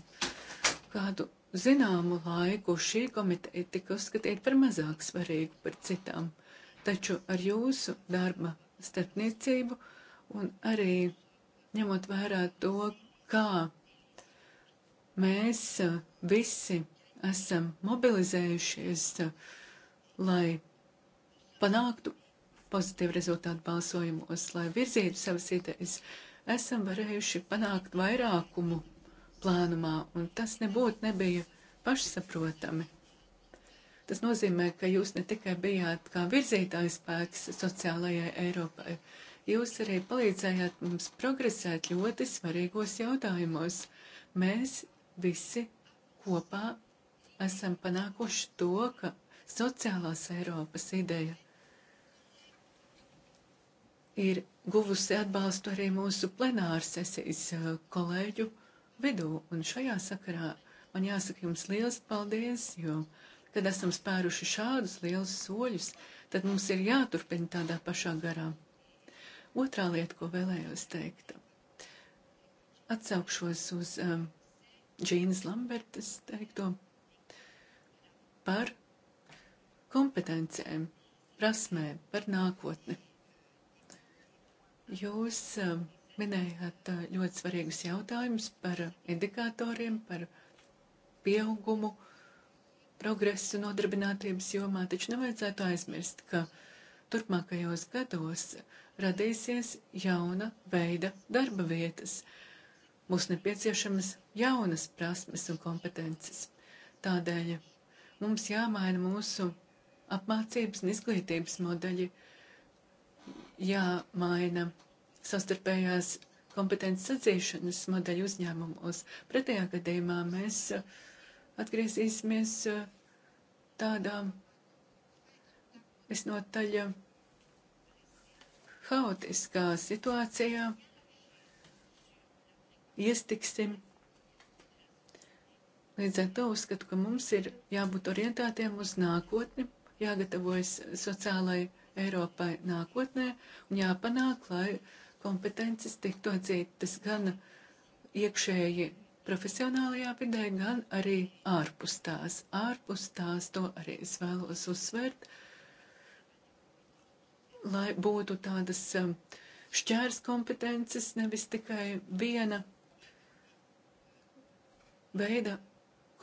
Speaker 1: kādu zināmu laiku šī komiteja tika uzskatīta par mazāk svarīgu par citām. Taču ar jūsu darba starpniecību un arī ņemot vērā to, kā mēs eh, visi esam mobilizējušies, eh, lai panāktu pozitīvu rezultātu balsojumos, lai virzītu savas idejas, esam varējuši panākt vairākumu plānumā, un tas nebūtu nebija pašsaprotami. Tas nozīmē, ka jūs ne tikai bijāt kā virzītājs spēks sociālajai Eiropai, jūs arī palīdzējāt mums progresēt ļoti svarīgos jautājumos. Mēs visi kopā esam panākuši to, ka sociālās Eiropas ideja ir guvusi atbalstu arī mūsu plenāra sesijas eh, kolēģu vidū. Un šajā sakarā man jāsaka jums liels paldies, jo, kad esam spēruši šādus lielus soļus, tad mums ir jāturpina tādā pašā garā. Otrā lieta, ko vēlējos teikt, atsaukšos uz um, Džīnas Lambertas teikto par kompetencēm, prasmēm, par nākotni. Jūs um, minējāt uh, ļoti svarīgus jautājumus par indikatoriem, par pieaugumu, progresu nodarbinātības jomā, taču nevajadzētu aizmirst, ka turpmākajos gados radīsies jauna veida darba vietas. Mums nepieciešamas jaunas prasmes un kompetences. Tādēļ mums jāmaina mūsu apmācības un izglītības modeļi, jāmaina savstarpējās kompetences atzīšanas modeļu uzņēmumos. Pretējā gadījumā mēs uh, atgriezīsimies uh, tādā visnotaļ uh, haotiskā situācijā, iestiksim. Līdz ar to uzskatu, ka mums ir jābūt orientētiem uz nākotni, jāgatavojas sociālai Eiropai nākotnē un jāpanāk, lai uh, kompetences tiktu atzītas gan iekšēji profesionālajā vidē, gan arī ārpus tās. Ārpus tās to arī es vēlos uzsvērt, lai būtu tādas um, šķērs kompetences, nevis tikai viena veida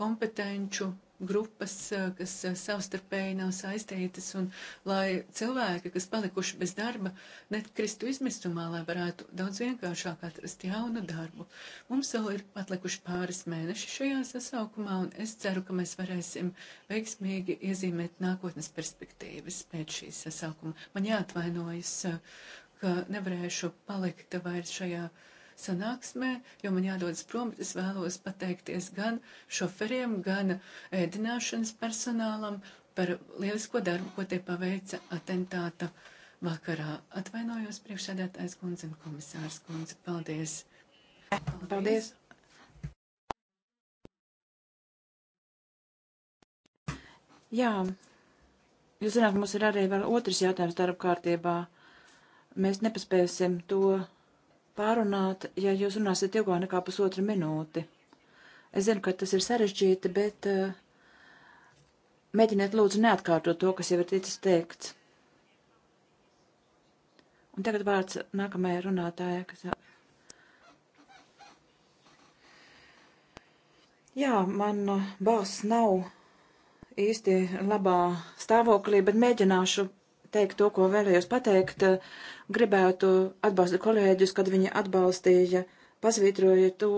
Speaker 1: kompetenču grupas, eh, kas eh, savstarpēji nav saistītas, un lai cilvēki, kas palikuši bez darba, netkristu izmisumā, lai varētu daudz vienkāršāk atrast jaunu darbu. Mums vēl ir atlikuši pāris mēneši šajā sasaukumā, un es ceru, ka mēs varēsim veiksmīgi iezīmēt nākotnes perspektīvas pēc šīs sasaukuma. Man jāatvainojas, eh, ka nevarēšu palikt vairs šajā sasaukumā sanāksmē, jo man jādodas prom, bet es vēlos pateikties gan šoferiem, gan ēdināšanas personālam par lielisko darbu, ko tie paveica atentāta vakarā. Atvainojos priekšsēdētājs kundze un komisārs kundze. Paldies! Paldies! Paldies.
Speaker 3: Jā, jūs zināt, mums ir arī vēl otrs jautājums darba kārtībā. Mēs nepaspēsim to pārunāt, ja jūs runāsiet ilgāk nekā pusotra minūte. Es zinu, ka tas ir sarežģīti, bet uh, mēģiniet lūdzu neatkārtot to, kas jau ir ticis teikts. Un tagad vārds nākamajai runātājai, kas. Jā, man eh, balss nav īsti labā stāvoklī, bet mēģināšu teikt to, ko vēlējos pateikt. Gribētu atbalstīt kolēģus, kad viņi atbalstīja, pasvītroja to,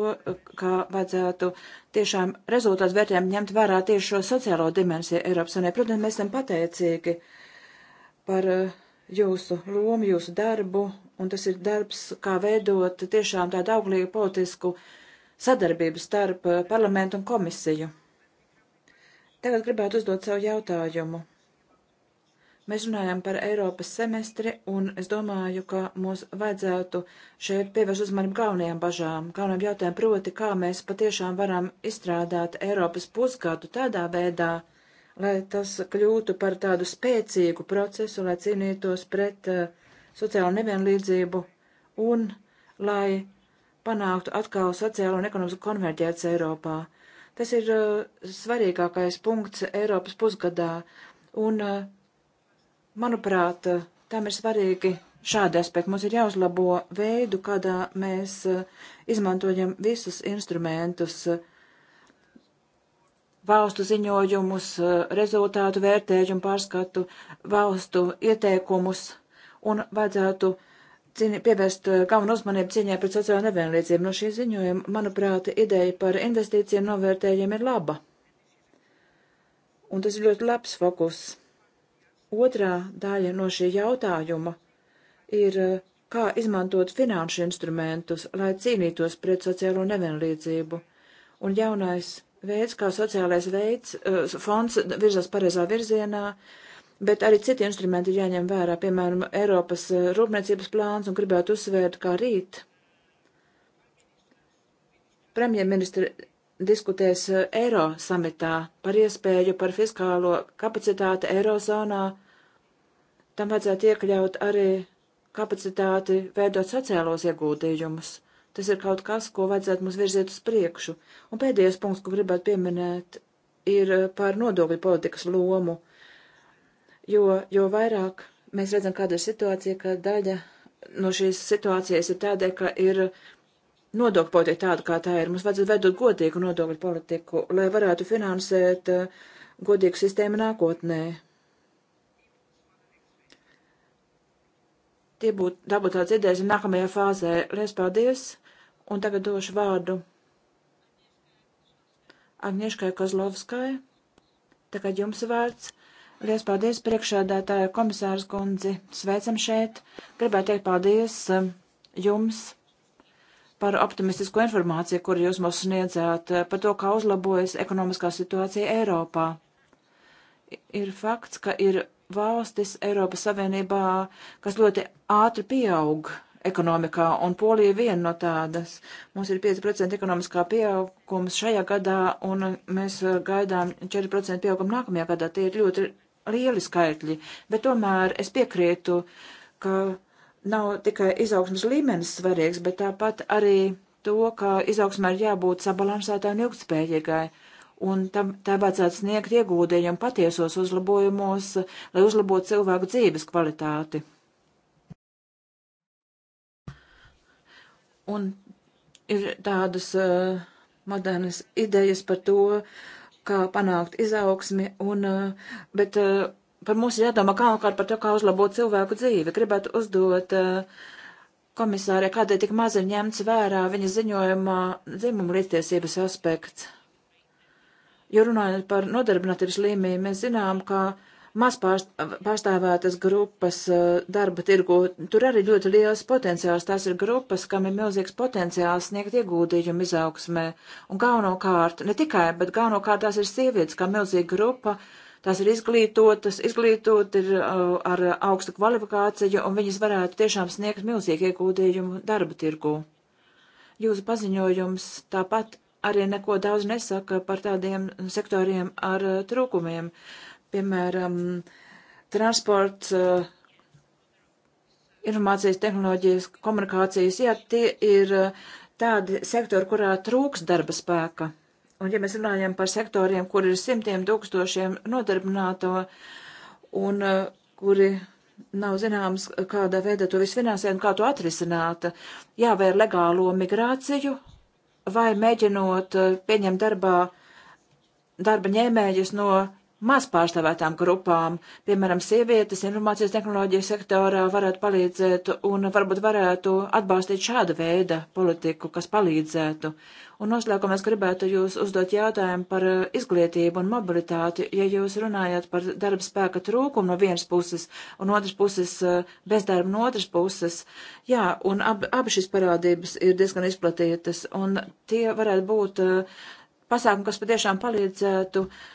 Speaker 3: kā vajadzētu tiešām rezultātu vērtējumu ņemt vērā tieši šo sociālo dimensiju Eiropas Unijā. Protams, mēs esam pateicīgi par eh, jūsu lomu, jūsu darbu, un tas ir darbs, kā veidot tiešām tādu auglīgu politisku sadarbību starp eh, parlamentu un komisiju. Tagad gribētu uzdot savu jautājumu Mēs runājam par Eiropas semestri, un es domāju, ka mums vajadzētu šeit pievērst uzmanību galvenajām bažām, galvenajām jautājumiem, proti, kā mēs patiešām varam izstrādāt Eiropas pusgadu tādā veidā, lai tas kļūtu par tādu spēcīgu procesu, lai cīnītos pret uh, sociālo nevienlīdzību un lai panāktu atkal sociālo un ekonomisku konverģētas Eiropā. Tas ir uh, svarīgākais punkts Eiropas pusgadā, un uh, Manuprāt, tam ir svarīgi šādi aspekti. Mums ir jāuzlabo veidu, kādā mēs eh, izmantojam visus instrumentus, valstu ziņojumus, eh, rezultātu vērtējumu, pārskatu, valstu ieteikumus un vajadzētu cīni, pievērst eh, galvenu uzmanību cīņai pret sociālo nevienlīdzību. No šī ziņojuma, manuprāt, ideja par investīcijiem novērtējiem ir laba. Un tas ir ļoti labs fokus Otrā daļa no šī jautājuma ir, eh, kā izmantot finanšu instrumentus, lai cīnītos pret sociālo nevienlīdzību. Un jaunais veids, kā sociālais veids, eh, fonds virzās pareizā virzienā, bet arī citi instrumenti ir jāņem vērā, piemēram, Eiropas eh, rūpniecības plāns, un gribētu uzsvērt, kā rīt premjerministri diskutēs Eiro samitā par iespēju par fiskālo kapacitāti Eirozonā tam vajadzētu iekļaut arī kapacitāti veidot sociālos ieguldījumus. Tas ir kaut kas, ko vajadzētu mums virzīt uz priekšu. Un pēdējais punkts, ko gribētu pieminēt, ir par nodokļu politikas lomu. Jo, jo vairāk mēs redzam, kāda ir situācija, ka daļa no šīs situācijas ir tādēļ, ka ir nodokļu politika tāda, kā tā ir. Mums vajadzētu veidot godīgu nodokļu politiku, lai varētu finansēt eh, godīgu sistēmu nākotnē. tie būtu dabūt tāds idejas nākamajā fāzē. Lies paldies, un tagad došu vārdu Agnieškai Kozlovskai. Tagad jums vārds. Lies paldies priekšādātāja komisārs kundzi. Sveicam šeit. Gribētu teikt paldies um, jums par optimistisko informāciju, kuru jūs mums sniedzāt, uh, par to, kā uzlabojas ekonomiskā situācija Eiropā. Ir fakts, ka ir valstis Eiropas Savienībā, kas ļoti ātri pieaug ekonomikā, un Polija viena no tādas. Mums ir 5% ekonomiskā pieaugums šajā gadā, un mēs uh, gaidām 4% pieaugumu nākamajā gadā. Tie ir ļoti lieli skaitļi, bet tomēr es piekrītu, ka nav tikai izaugsmas līmenis svarīgs, bet tāpat arī to, ka izaugsmē ir jābūt sabalansētai un ilgspējīgai. Uh, un tam, tā vajadzētu sniegt ieguldījumu patiesos uzlabojumos, lai uzlabotu cilvēku dzīves kvalitāti. Un ir tādas uh, modernas idejas par to, kā panākt izaugsmi, un, uh, bet uh, par mums jādomā galvenokārt par to, kā uzlabot cilvēku dzīvi. Gribētu uzdot uh, komisārē, kādēļ tik mazi ņemts vērā viņa ziņojumā dzimumu līdztiesības aspekts. Jo runājot par nodarbinātības līmenī, mēs zinām, ka maz pārstāvētas grupas eh, darba tirgu, tur arī ļoti liels potenciāls. Tās ir grupas, kam ir milzīgs potenciāls sniegt ieguldījumu izaugsmē. Un galvenokārt, ne tikai, bet galvenokārt tās ir sievietes, kā milzīga grupa, tās ir izglītotas, izglītot ir eh, ar augstu kvalifikāciju, un viņas varētu tiešām sniegt milzīgu ieguldījumu darba tirgu. Jūsu paziņojums tāpat arī neko daudz nesaka par tādiem sektoriem ar eh, trūkumiem. Piemēram, transports, eh, informācijas tehnoloģijas, komunikācijas, jā, tie ir eh, tādi sektori, kurā trūks darba spēka. Un ja mēs runājam par sektoriem, kur ir simtiem tūkstošiem nodarbināto un kuri nav zināms, kādā veidā to visu finansē un kā to atrisināt, jāvēr legālo migrāciju vai mēģinot eh, pieņemt darbā darba ņēmējus no maz pārstāvētām grupām. Piemēram, sievietes informācijas tehnoloģiju sektorā varētu palīdzēt un varbūt varētu atbalstīt šādu veidu politiku, kas palīdzētu. Un noslēgumā es gribētu jūs uzdot jautājumu par eh, izglītību un mobilitāti, ja jūs runājat par darba spēka trūkumu no vienas puses un otras puses eh, bezdarbu no otras puses. Jā, un ab, abi šīs parādības ir diezgan izplatītas, un tie varētu būt eh, pasākumi, kas patiešām palīdzētu uh,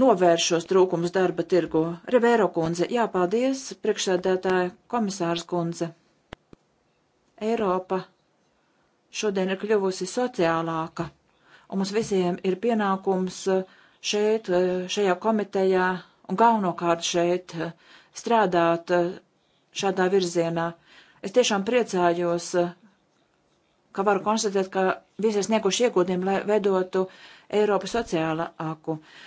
Speaker 3: novērš šos trūkumus darba tirgu. Revēro kundze, jā, paldies, priekšsēdētāja komisārs kundze. Eiropa šodien ir kļuvusi sociālāka, un mums visiem ir pienākums eh, šeit, eh, šajā komitejā, un galvenokārt šeit eh, strādāt šādā virzienā. Es tiešām priecājos, ka varu konstatēt, ka visi ir snieguši ieguldījumu, lai vedotu Eiropu sociālāku. Uh,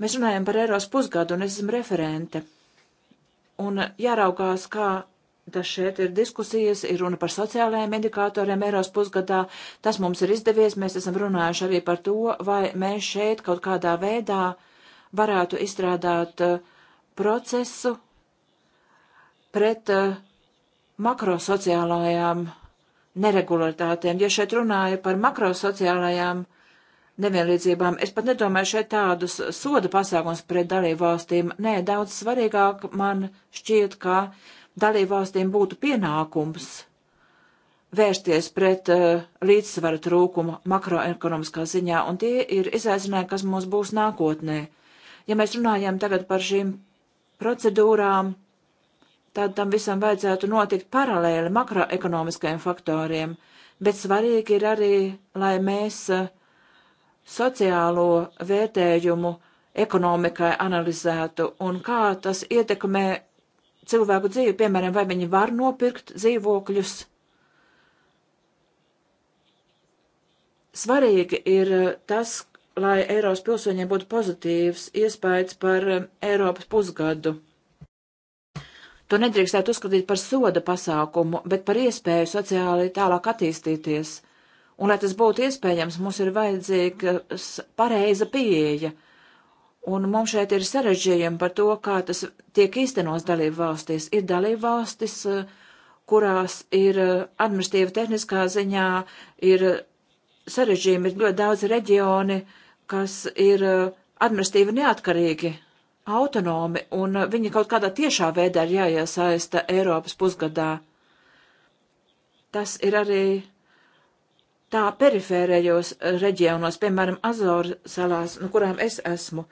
Speaker 3: Mēs runājam par Eiros pusgadu, un es esmu referente. Un jāraugās, kā tas šeit ir diskusijas, ir runa par sociālajiem indikatoriem Eiros pusgadā. Tas mums ir izdevies, mēs esam runājuši arī par to, vai mēs šeit kaut kādā veidā varētu izstrādāt eh, procesu pret eh, makrosociālajām neregularitātēm. Ja šeit runāja par makrosociālajām neregularitātēm, nevienlīdzībām. Es pat nedomāju šeit tādus soda pasākums pret dalībvalstīm. Nē, daudz svarīgāk man šķiet, ka dalībvalstīm būtu pienākums vērsties pret uh, eh, līdzsvara trūkumu makroekonomiskā ziņā, un tie ir izaicinājumi, kas mums būs nākotnē. Ja mēs runājam tagad par šīm procedūrām, tad tam visam vajadzētu notikt paralēli makroekonomiskajiem faktoriem, bet svarīgi ir arī, lai mēs uh, sociālo vērtējumu ekonomikai analizētu un kā tas ietekmē cilvēku dzīvi, piemēram, vai viņi var nopirkt dzīvokļus. Svarīgi ir tas, lai Eiropas pilsoņiem būtu pozitīvs iespējas par Eiropas pusgadu. To nedrīkstētu uzskatīt par soda pasākumu, bet par iespēju sociāli tālāk attīstīties – Un, lai tas būtu iespējams, mums ir vajadzīga pareiza pieeja. Un mums šeit ir sarežģījumi par to, kā tas tiek īstenos dalību valstīs. Ir dalību valstis, e, kurās ir e, administratīva tehniskā ziņā, ir e, sarežģījumi, ir ļoti daudz reģioni, kas ir administratīvi neatkarīgi, autonomi, un viņi kaut kādā tiešā veidā ir jāiesaista Eiropas pusgadā. Tas ir arī tā perifērējos reģionos, piemēram, Azoru salās, no nu, kurām es esmu,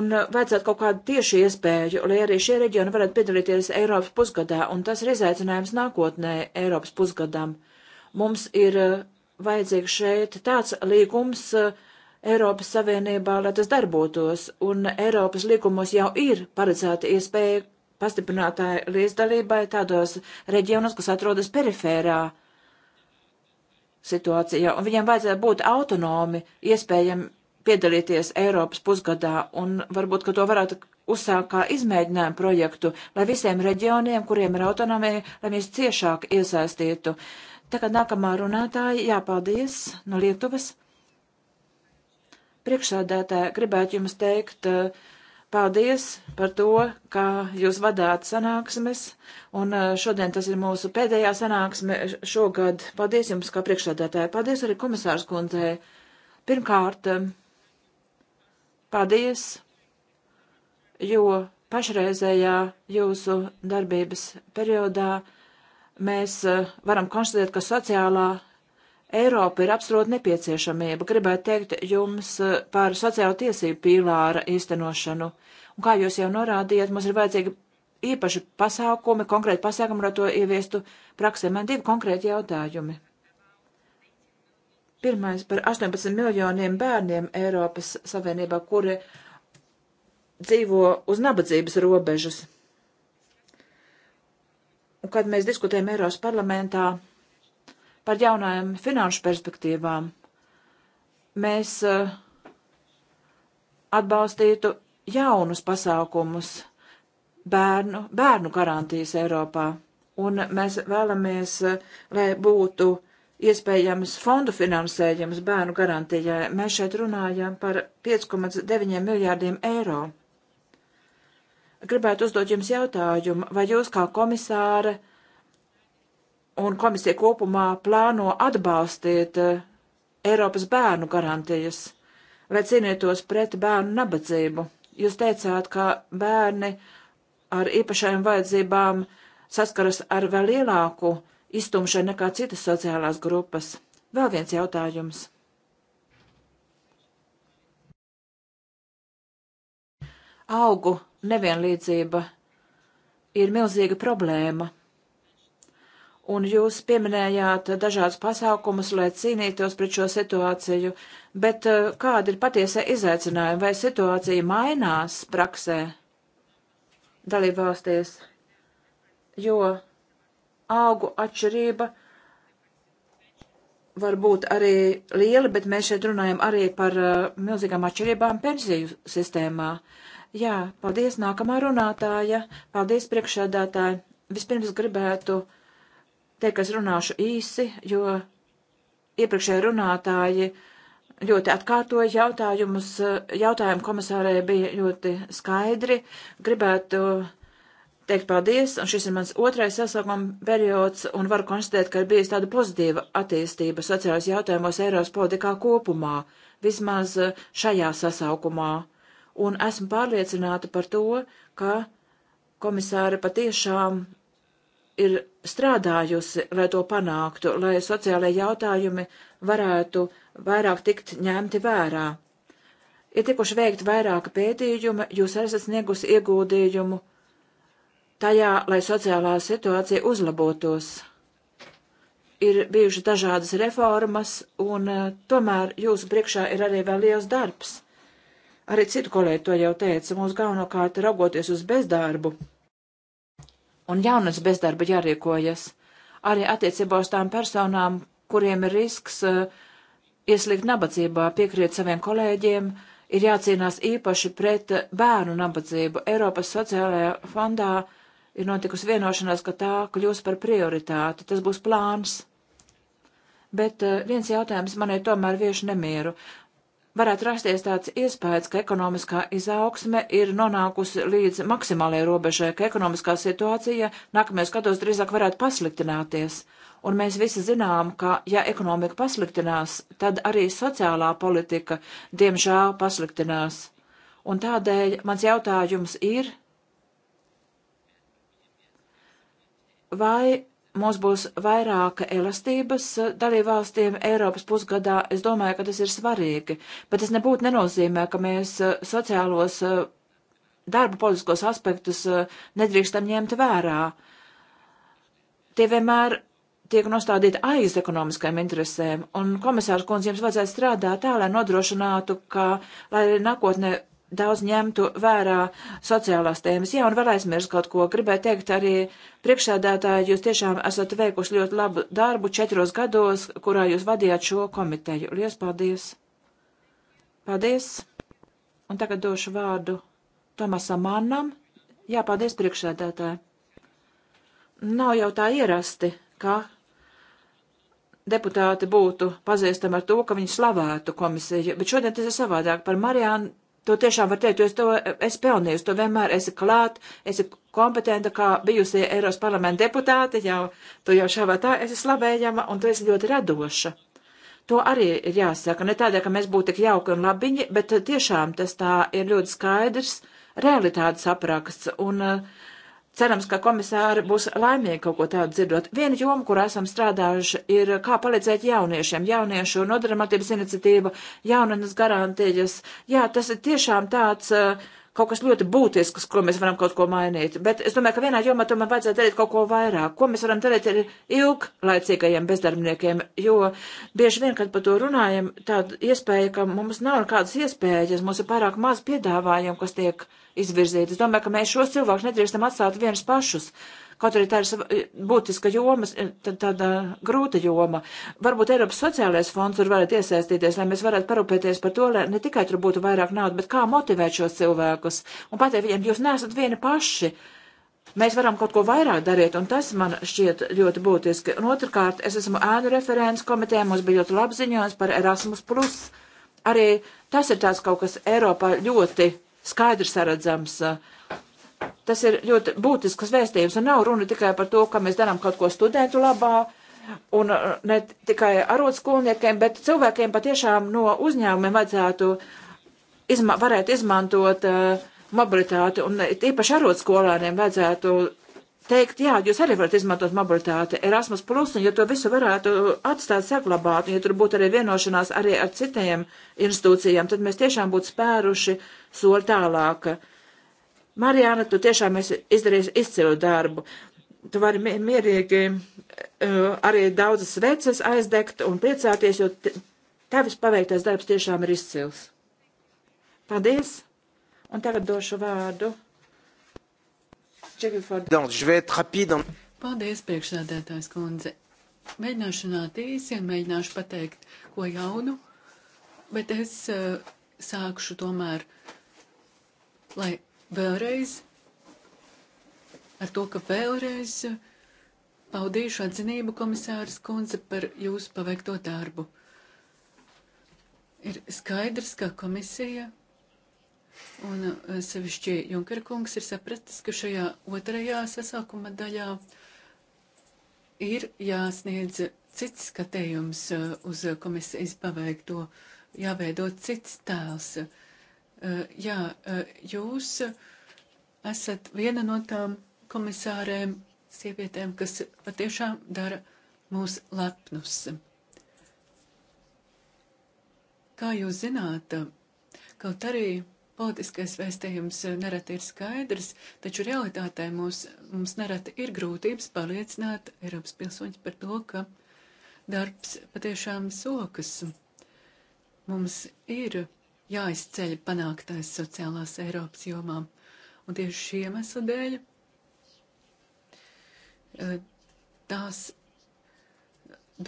Speaker 3: un uh, vajadzētu kaut kādu tieši iespēju, lai arī šie reģioni varētu piedalīties Eiropas pusgadā, un tas ir izaicinājums nākotnē Eiropas pusgadam. Mums ir uh, vajadzīgs šeit tāds līgums uh, Eiropas Savienībā, lai tas darbotos, un Eiropas līgumos jau ir paredzēta iespēja pastiprinātāja līdzdalībai tādos reģionos, kas atrodas perifērā situācijā, un viņiem vajadzētu būt autonomi, iespējami piedalīties Eiropas pusgadā, un varbūt, ka to varētu uzsākt kā izmēģinājumu projektu, lai visiem reģioniem, kuriem ir autonomija, lai mēs ciešāk iesaistītu. Tagad nākamā runātāja, jāpaldies no Lietuvas. Priekšsādētāja, gribētu jums teikt, uh, Paldies par to, ka jūs vadāt sanāksmes, un eh, šodien tas ir mūsu pēdējā sanāksme šogad. Paldies jums, kā priekšsādātāji, paldies arī komisārs kundzei. Pirmkārt, eh, paldies, jo pašreizējā jūsu darbības periodā mēs eh, varam konstatēt, ka sociālā Eiropa ir absolūti nepieciešamība, gribētu teikt jums eh, par sociālo tiesību pīlāra īstenošanu. Un kā jūs jau norādījāt, mums ir vajadzīgi īpaši pasākumi, konkrēti pasākumi, lai to ieviestu praksē. Man divi konkrēti jautājumi. Pirmais par 18 miljoniem bērniem Eiropas Savienībā, kuri dzīvo uz nabadzības robežas. Un kad mēs diskutējam Eiropas parlamentā, par jaunajām finanšu perspektīvām, mēs uh, atbalstītu jaunus pasākumus bērnu, bērnu garantijas Eiropā. Un mēs vēlamies, uh, lai būtu iespējams fondu finansējums bērnu garantijai. Mēs šeit runājam par 5,9 miljārdiem eiro. Gribētu uzdot jums jautājumu, vai jūs kā komisāre uh, un komisija kopumā plāno atbalstīt uh, Eiropas bērnu garantijas, lai cīnītos pret bērnu nabadzību. Jūs teicāt, ka bērni ar īpašajām vajadzībām saskaras ar vēl lielāku iztumšanu nekā citas sociālās grupas. Vēl viens jautājums. Augu nevienlīdzība ir milzīga problēma un jūs pieminējāt dažādas pasākumus, lai cīnītos pret šo situāciju, bet eh, kāda ir patiesie izaicinājumi vai situācija mainās praksē dalībvalstīs, jo augu atšķirība var būt arī liela, bet mēs šeit runājam arī par uh, milzīgām atšķirībām pensiju sistēmā. Jā, paldies nākamā runātāja, paldies priekšādātāji. Vispirms gribētu uh, teikt, ka es runāšu īsi, jo iepriekšēji runātāji ļoti atkārtoja jautājumus. Jautājumi komisārai bija ļoti skaidri. Gribētu teikt paldies, un šis ir mans otrais sasaukuma periods, un varu konstatēt, ka ir bijis tāda pozitīva attīstība sociālajos jautājumos Eiropas politikā kopumā, vismaz šajā sasaukumā. Un esmu pārliecināta par to, ka komisāri patiešām ir strādājusi, lai to panāktu, lai sociālajie jautājumi varētu vairāk tikt ņemti vērā. Ir tikuši veikt vairāka pētījuma, jūs esat sniegusi ieguldījumu tajā, lai sociālā situācija uzlabotos. Ir bijuši dažādas reformas, un eh, tomēr jūsu priekšā ir arī vēl liels darbs. Arī citu kolēģi to jau teica, mums galvenokārt raugoties uz bezdarbu un jaunas bezdarba jārīkojas. Arī attiecībā uz tām personām, kuriem ir risks uh, ieslīgt nabadzībā, piekriet saviem kolēģiem, ir jācīnās īpaši pret bērnu nabadzību. Eiropas sociālajā fondā ir notikusi vienošanās, ka tā kļūs par prioritāti. Tas būs plāns. Bet uh, viens jautājums man ir tomēr vieši nemieru varētu rasties tāds iespējas, ka ekonomiskā izaugsme ir nonākusi līdz maksimālajai robežai, ka ekonomiskā situācija nākamajos gados drīzāk varētu pasliktināties. Un mēs visi zinām, ka ja ekonomika pasliktinās, tad arī sociālā politika diemžēl pasliktinās. Un tādēļ mans jautājums ir, vai mums būs vairāka elastības eh, dalībvalstīm Eiropas pusgadā. Es domāju, ka tas ir svarīgi, bet tas nebūtu nenozīmē, ka mēs eh, sociālos eh, darba politiskos aspektus nedrīkstam ņemt vērā. Tie vienmēr tiek nostādīti aiz ekonomiskajām interesēm, un komisārs kundze jums vajadzētu strādāt tā, lai nodrošinātu, ka, lai nākotnē daudz ņemtu vērā sociālās tēmas. Jā, un vēl aizmirst kaut ko. Gribēju teikt arī priekšsēdētāji, jūs tiešām esat veikuši ļoti labu darbu četros gados, kurā jūs vadījāt šo komiteju. Lies paldies! Paldies! Un tagad došu vārdu Tomasam Mannam. Jā, paldies priekšsēdētāji. Nav jau tā ierasti, ka deputāti būtu pazīstami ar to, ka viņi slavētu komisiju, bet šodien tas ir savādāk. Par Mariānu To tiešām var teikt, jo es to esmu pelnījusi, to vienmēr esi klāt, esi kompetenta kā bijusi Eiropas parlamenta deputāte, jau tu jau šā vai tā esi slavējama un tu esi ļoti radoša. To arī ir jāsaka, ne tādēļ, ka mēs būtu tik jauki un labiņi, bet tiešām tas tā ir ļoti skaidrs realitātes apraksts un uh, Cerams, ka komisāri būs laimīgi kaut ko tādu dzirdot. Viena joma, kur esam strādājuši, ir kā palīdzēt jauniešiem, jauniešu nodarbinātības iniciatīva, jaunenes garantijas. Jā, tas ir tiešām tāds uh, kaut kas ļoti būtisks, ko mēs varam kaut ko mainīt. Bet es domāju, ka vienā jomā tomēr vajadzētu darīt kaut ko vairāk. Ko mēs varam darīt ar ilglaicīgajiem bezdarbniekiem, jo bieži vien, kad par to runājam, tāda iespēja, ka mums nav nekādas iespējas, mums ir pārāk maz piedāvājumu, kas tiek izvirzīti. Es domāju, ka mēs šos cilvēkus nedrīkstam atstāt viens pašus. Uh, Kaut arī tā ir eh, būtiska joma, eh, tad tāda grūta joma. Varbūt Eiropas sociālais fonds tur varētu iesaistīties, lai mēs varētu parūpēties par to, lai ne tikai tur būtu vairāk naudas, bet kā motivēt šos cilvēkus un pateikt viņiem, jūs neesat vieni paši. Mēs varam kaut ko vairāk darīt, un tas man šķiet ļoti būtiski. Un otrkārt, es esmu ēnu referents komitē, mums bija ļoti labi ziņojums par Erasmus. Arī tas ir tāds kaut kas Eiropā ļoti skaidrs saredzams. Uh, Tas ir ļoti būtisks vēstījums, un nav runa tikai par to, ka mēs darām kaut ko studentu labā, un uh, ne tikai arotskolniekiem, bet cilvēkiem patiešām no uzņēmumiem vajadzētu izma varētu izmantot uh, mobilitāti, un īpaši arotskolēniem vajadzētu teikt, jā, jūs arī varat izmantot mobilitāti Erasmus Plus, un ja to visu varētu atstāt saglabāt, un ja tur būtu arī vienošanās arī ar citiem institūcijām, tad mēs tiešām būtu spēruši soli tālāk. Uh, Marijāna, tu tiešām esi izdarījis izcilu darbu. Tu vari mierīgi uh, arī daudzas sveces aizdegt un priecāties, jo tevis paveiktais darbs tiešām ir izcils. Paldies!
Speaker 1: Un tagad došu vārdu. Paldies, priekšsēdētājs kundze. Mēģināšu runāt īsi un mēģināšu pateikt, ko jaunu, bet es uh, sākšu tomēr, lai vēlreiz ar to, ka vēlreiz paudīšu atzinību komisāras kundze par jūsu paveikto darbu. Ir skaidrs, ka komisija un e, sevišķi Junkara kungs ir sapratis, ka šajā otrajā sasākuma daļā ir jāsniedz cits skatējums e, uz komisijas paveikto, jāveido cits tēls. Uh, Eh, jā, eh, jūs esat viena no tām komisārēm, sievietēm, kas patiešām dara mūs lepnus. Kā jūs zināt, kaut arī politiskais vēstījums nereti ir skaidrs, taču realitātē mūs, mums nereti ir grūtības pārliecināt Eiropas pilsoņus par to, ka darbs patiešām sokas. Mums ir jāizceļ panāktais sociālās Eiropas jomā. Un tieši šī iemesla dēļ eh, tās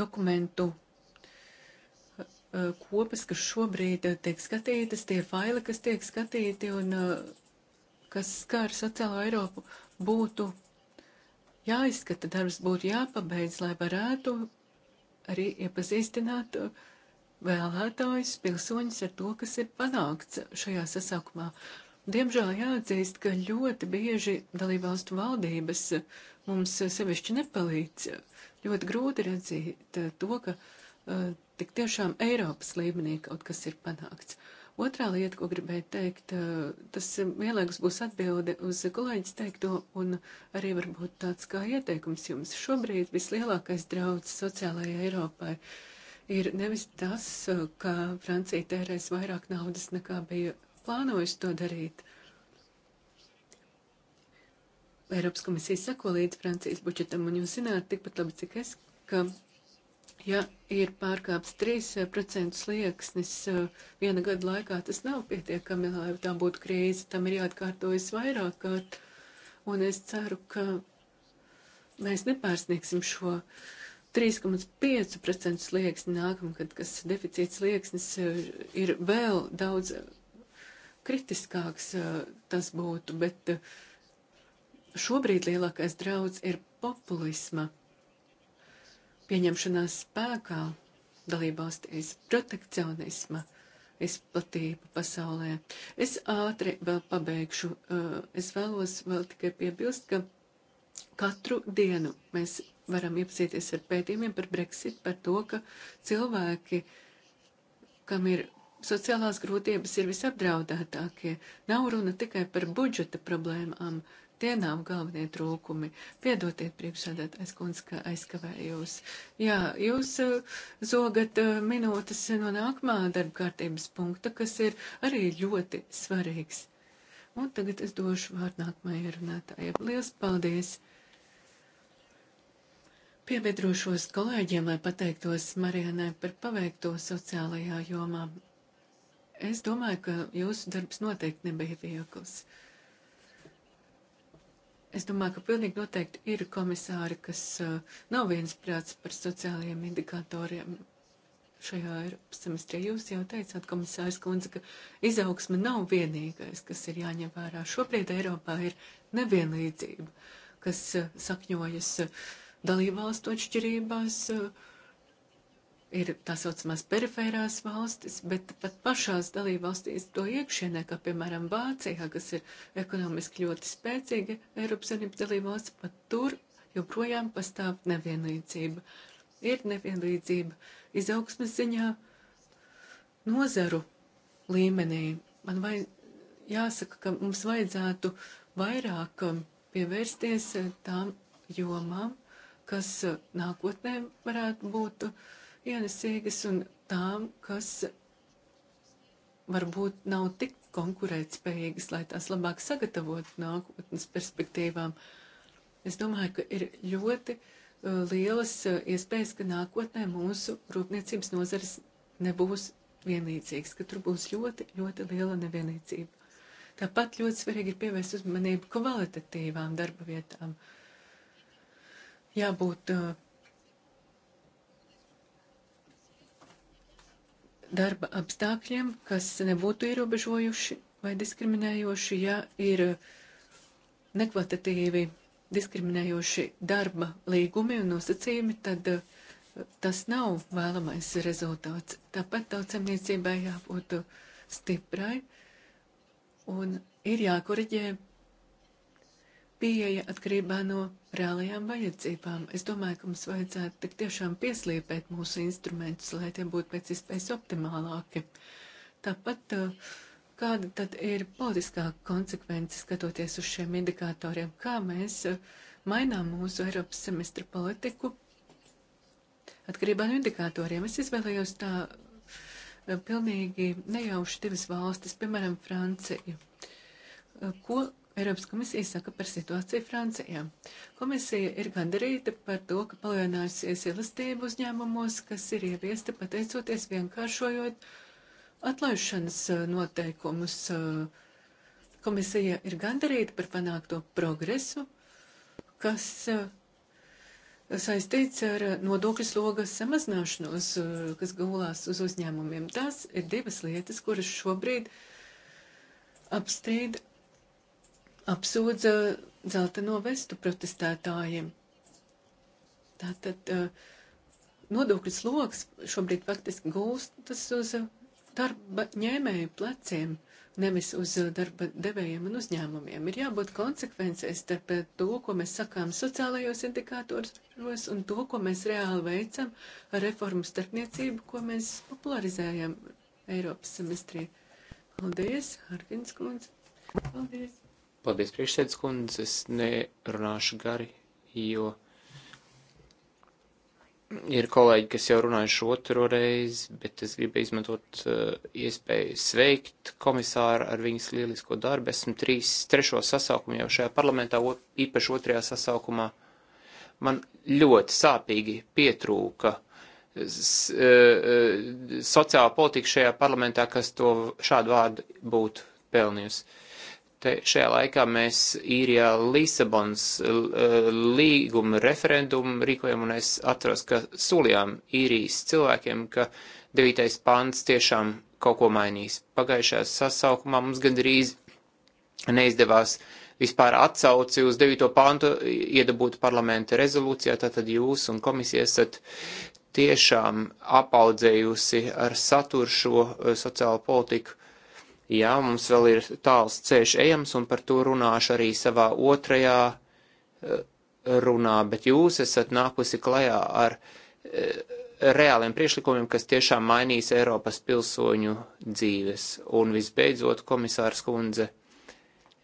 Speaker 1: dokumentu eh, kopas, kas šobrīd eh, tiek skatītas, tie faili, kas tiek skatīti un kas skar sociālo Eiropu, būtu jāizskata, darbs būtu jāpabeidz, lai varētu arī iepazīstināt uh, vēlētājus, pilsoņus ar to, kas ir panākts šajā sasaukumā. Diemžēl jāatzīst, ka ļoti bieži dalībvalstu valdības mums sevišķi nepalīdz. Ļoti grūti redzēt to, ka uh, tik tiešām Eiropas līmenī kaut kas ir panākts. Otrā lieta, ko gribēju teikt, uh, tas vienlaikus būs atbilde uz kolēģis teikto un arī varbūt tāds kā ieteikums jums. Šobrīd vislielākais draudz sociālajai Eiropai ir nevis tas, eh, ka Francija tērēs vairāk naudas nekā bija plānojusi to darīt. Eiropas komisija seko līdz Francijas budžetam, un jūs zināt tikpat labi, cik es, ka, ja ir pārkāps 3% eh, slieksnis eh, viena gada laikā, tas nav pietiekami, lai tā būtu krīze, tam ir jāatkārtojas vairāk kārt, un es ceru, ka mēs nepārsniegsim šo uh, 3,5% slieksni nākamgad, kas deficīts slieksnis eh, ir vēl daudz eh, kritiskāks eh, tas būtu, bet šobrīd lielākais draudz ir populisma pieņemšanās spēkā dalībvalstīs protekcionisma izplatība pasaulē. Es ātri vēl pabeigšu. Es vēlos vēl tikai piebilst, ka Katru dienu mēs varam iepazīties ar pētījumiem par Brexit, par to, ka cilvēki, kam ir sociālās grūtības, ir visapdraudētākie. Nav runa tikai par budžeta problēmām, tie nav galvenie trūkumi. Piedodiet, priekšsādātais kundze, ka aizkavējos. Jā, jūs eh, zogat eh, minūtes no nākamā darba kārtības punkta, kas ir arī ļoti svarīgs. Un tagad es došu vārdu nākamajai runātājai. Lielas paldies! Piebiedrošos kolēģiem, lai pateiktos Marijanai par paveikto sociālajā jomā. Es domāju, ka jūsu darbs noteikti nebija viegls. Es domāju, ka pilnīgi noteikti ir komisāri, kas uh, nav viensprāts par sociālajiem indikatoriem šajā Eiropas semestrī. Jūs jau teicāt, komisārs Kundze, ka izaugsme nav vienīgais, kas ir jāņem vērā. Šobrīd Eiropā ir nevienlīdzība, kas uh, sakņojas uh, dalībvalstu atšķirībās. Eh, ir tā saucamās perifērās valstis, bet pat pašās dalībvalstīs to iekšienē, kā piemēram Vācijā, kas ir ekonomiski ļoti spēcīga Eiropas Savienības dalībvalsts, pat tur joprojām pastāv nevienlīdzība. Ir nevienlīdzība izaugsmes ziņā nozaru līmenī. Man vai, jāsaka, ka mums vajadzētu vairāk um, pievērsties eh, tām jomām, kas uh, nākotnē varētu būt uh, ienesīgas un tām, kas varbūt nav tik konkurētspējīgas, lai tās labāk sagatavotu nākotnes perspektīvām. Es domāju, ka ir ļoti uh, lielas uh, iespējas, ka nākotnē mūsu rūpniecības nozares nebūs vienlīdzīgas, ka tur būs ļoti, ļoti liela nevienlīdzība. Tāpat ļoti svarīgi ir pievērst uzmanību kvalitatīvām darba vietām. Uh, jābūt darba apstākļiem, kas nebūtu ierobežojuši vai diskriminējoši, ja ir nekvalitatīvi diskriminējoši darba līgumi un nosacījumi, tad tas nav vēlamais rezultāts. Tāpat tautsemniecībai jābūt stiprai un ir jākoriģē pieeja atkarībā no reālajām vajadzībām. Es domāju, ka mums vajadzētu tik tiešām pieslīpēt mūsu instrumentus, lai tie būtu pēc iespējas optimālāki. Tāpat eh, kāda tad ir politiskā konsekvence skatoties uz šiem indikatoriem, kā mēs eh, mainām mūsu Eiropas semestra politiku atkarībā no indikatoriem. Es izvēlējos tā eh, pilnīgi nejauši divas valstis, piemēram, Franciju. Ko Eiropas komisija saka par situāciju Francijā. Komisija ir gandarīta par to, ka palielinājusies elastība uzņēmumos, kas ir ieviesta pateicoties vienkāršojot atlaišanas eh, noteikumus. Eh, komisija ir gandarīta par panākto progresu, kas eh, saistīts ar nodokļu slogas samazināšanos, kas gulās uz uzņēmumiem. Tās ir divas lietas, kuras šobrīd apstrīd apsūdza dzelteno vestu protestētājiem. Tātad eh, nodokļu sloks šobrīd faktiski gulstas uz eh, darba ņēmēju pleciem, nevis uz eh, darba devējiem un uzņēmumiem. Ir jābūt konsekvencei starp to, ko mēs sakām sociālajos indikātoros un to, ko mēs reāli veicam ar reformu starpniecību, ko mēs popularizējam Eiropas semestrī. Paldies, Harkins kundze. Paldies.
Speaker 2: Paldies, priekšsēdus kundze, es nerunāšu gari, jo ir kolēģi, kas jau runājuši otro reizi, bet es gribu izmantot uh, iespēju sveikt komisāru ar viņas lielisko darbu. Esmu trīs, trešo sasaukumu jau šajā parlamentā, ot, īpaši otrajā sasaukumā. Man ļoti sāpīgi pietrūka s, uh, uh, sociāla politika šajā parlamentā, kas to šādu vārdu būtu pelnījusi. Te, šajā laikā mēs īrijā Lisabons e, līgumu referendumu rīkojam, un es atceros, ka solījām īrijas cilvēkiem, ka 9. pants tiešām kaut ko mainīs. Pagājušajā sasaukumā mums gandrīz neizdevās vispār atsauci uz 9. pantu iedabūt parlamenta rezolūcijā, tātad jūs un komisija esat tiešām apaudzējusi ar saturu šo e, sociālo politiku Jā, mums vēl ir tāls ceļš ejams, un par to runāšu arī savā otrajā eh, runā, bet jūs esat nākusi klajā ar eh, reāliem priekšlikumiem, kas tiešām mainīs Eiropas pilsoņu dzīves. Un visbeidzot, komisārs kundze,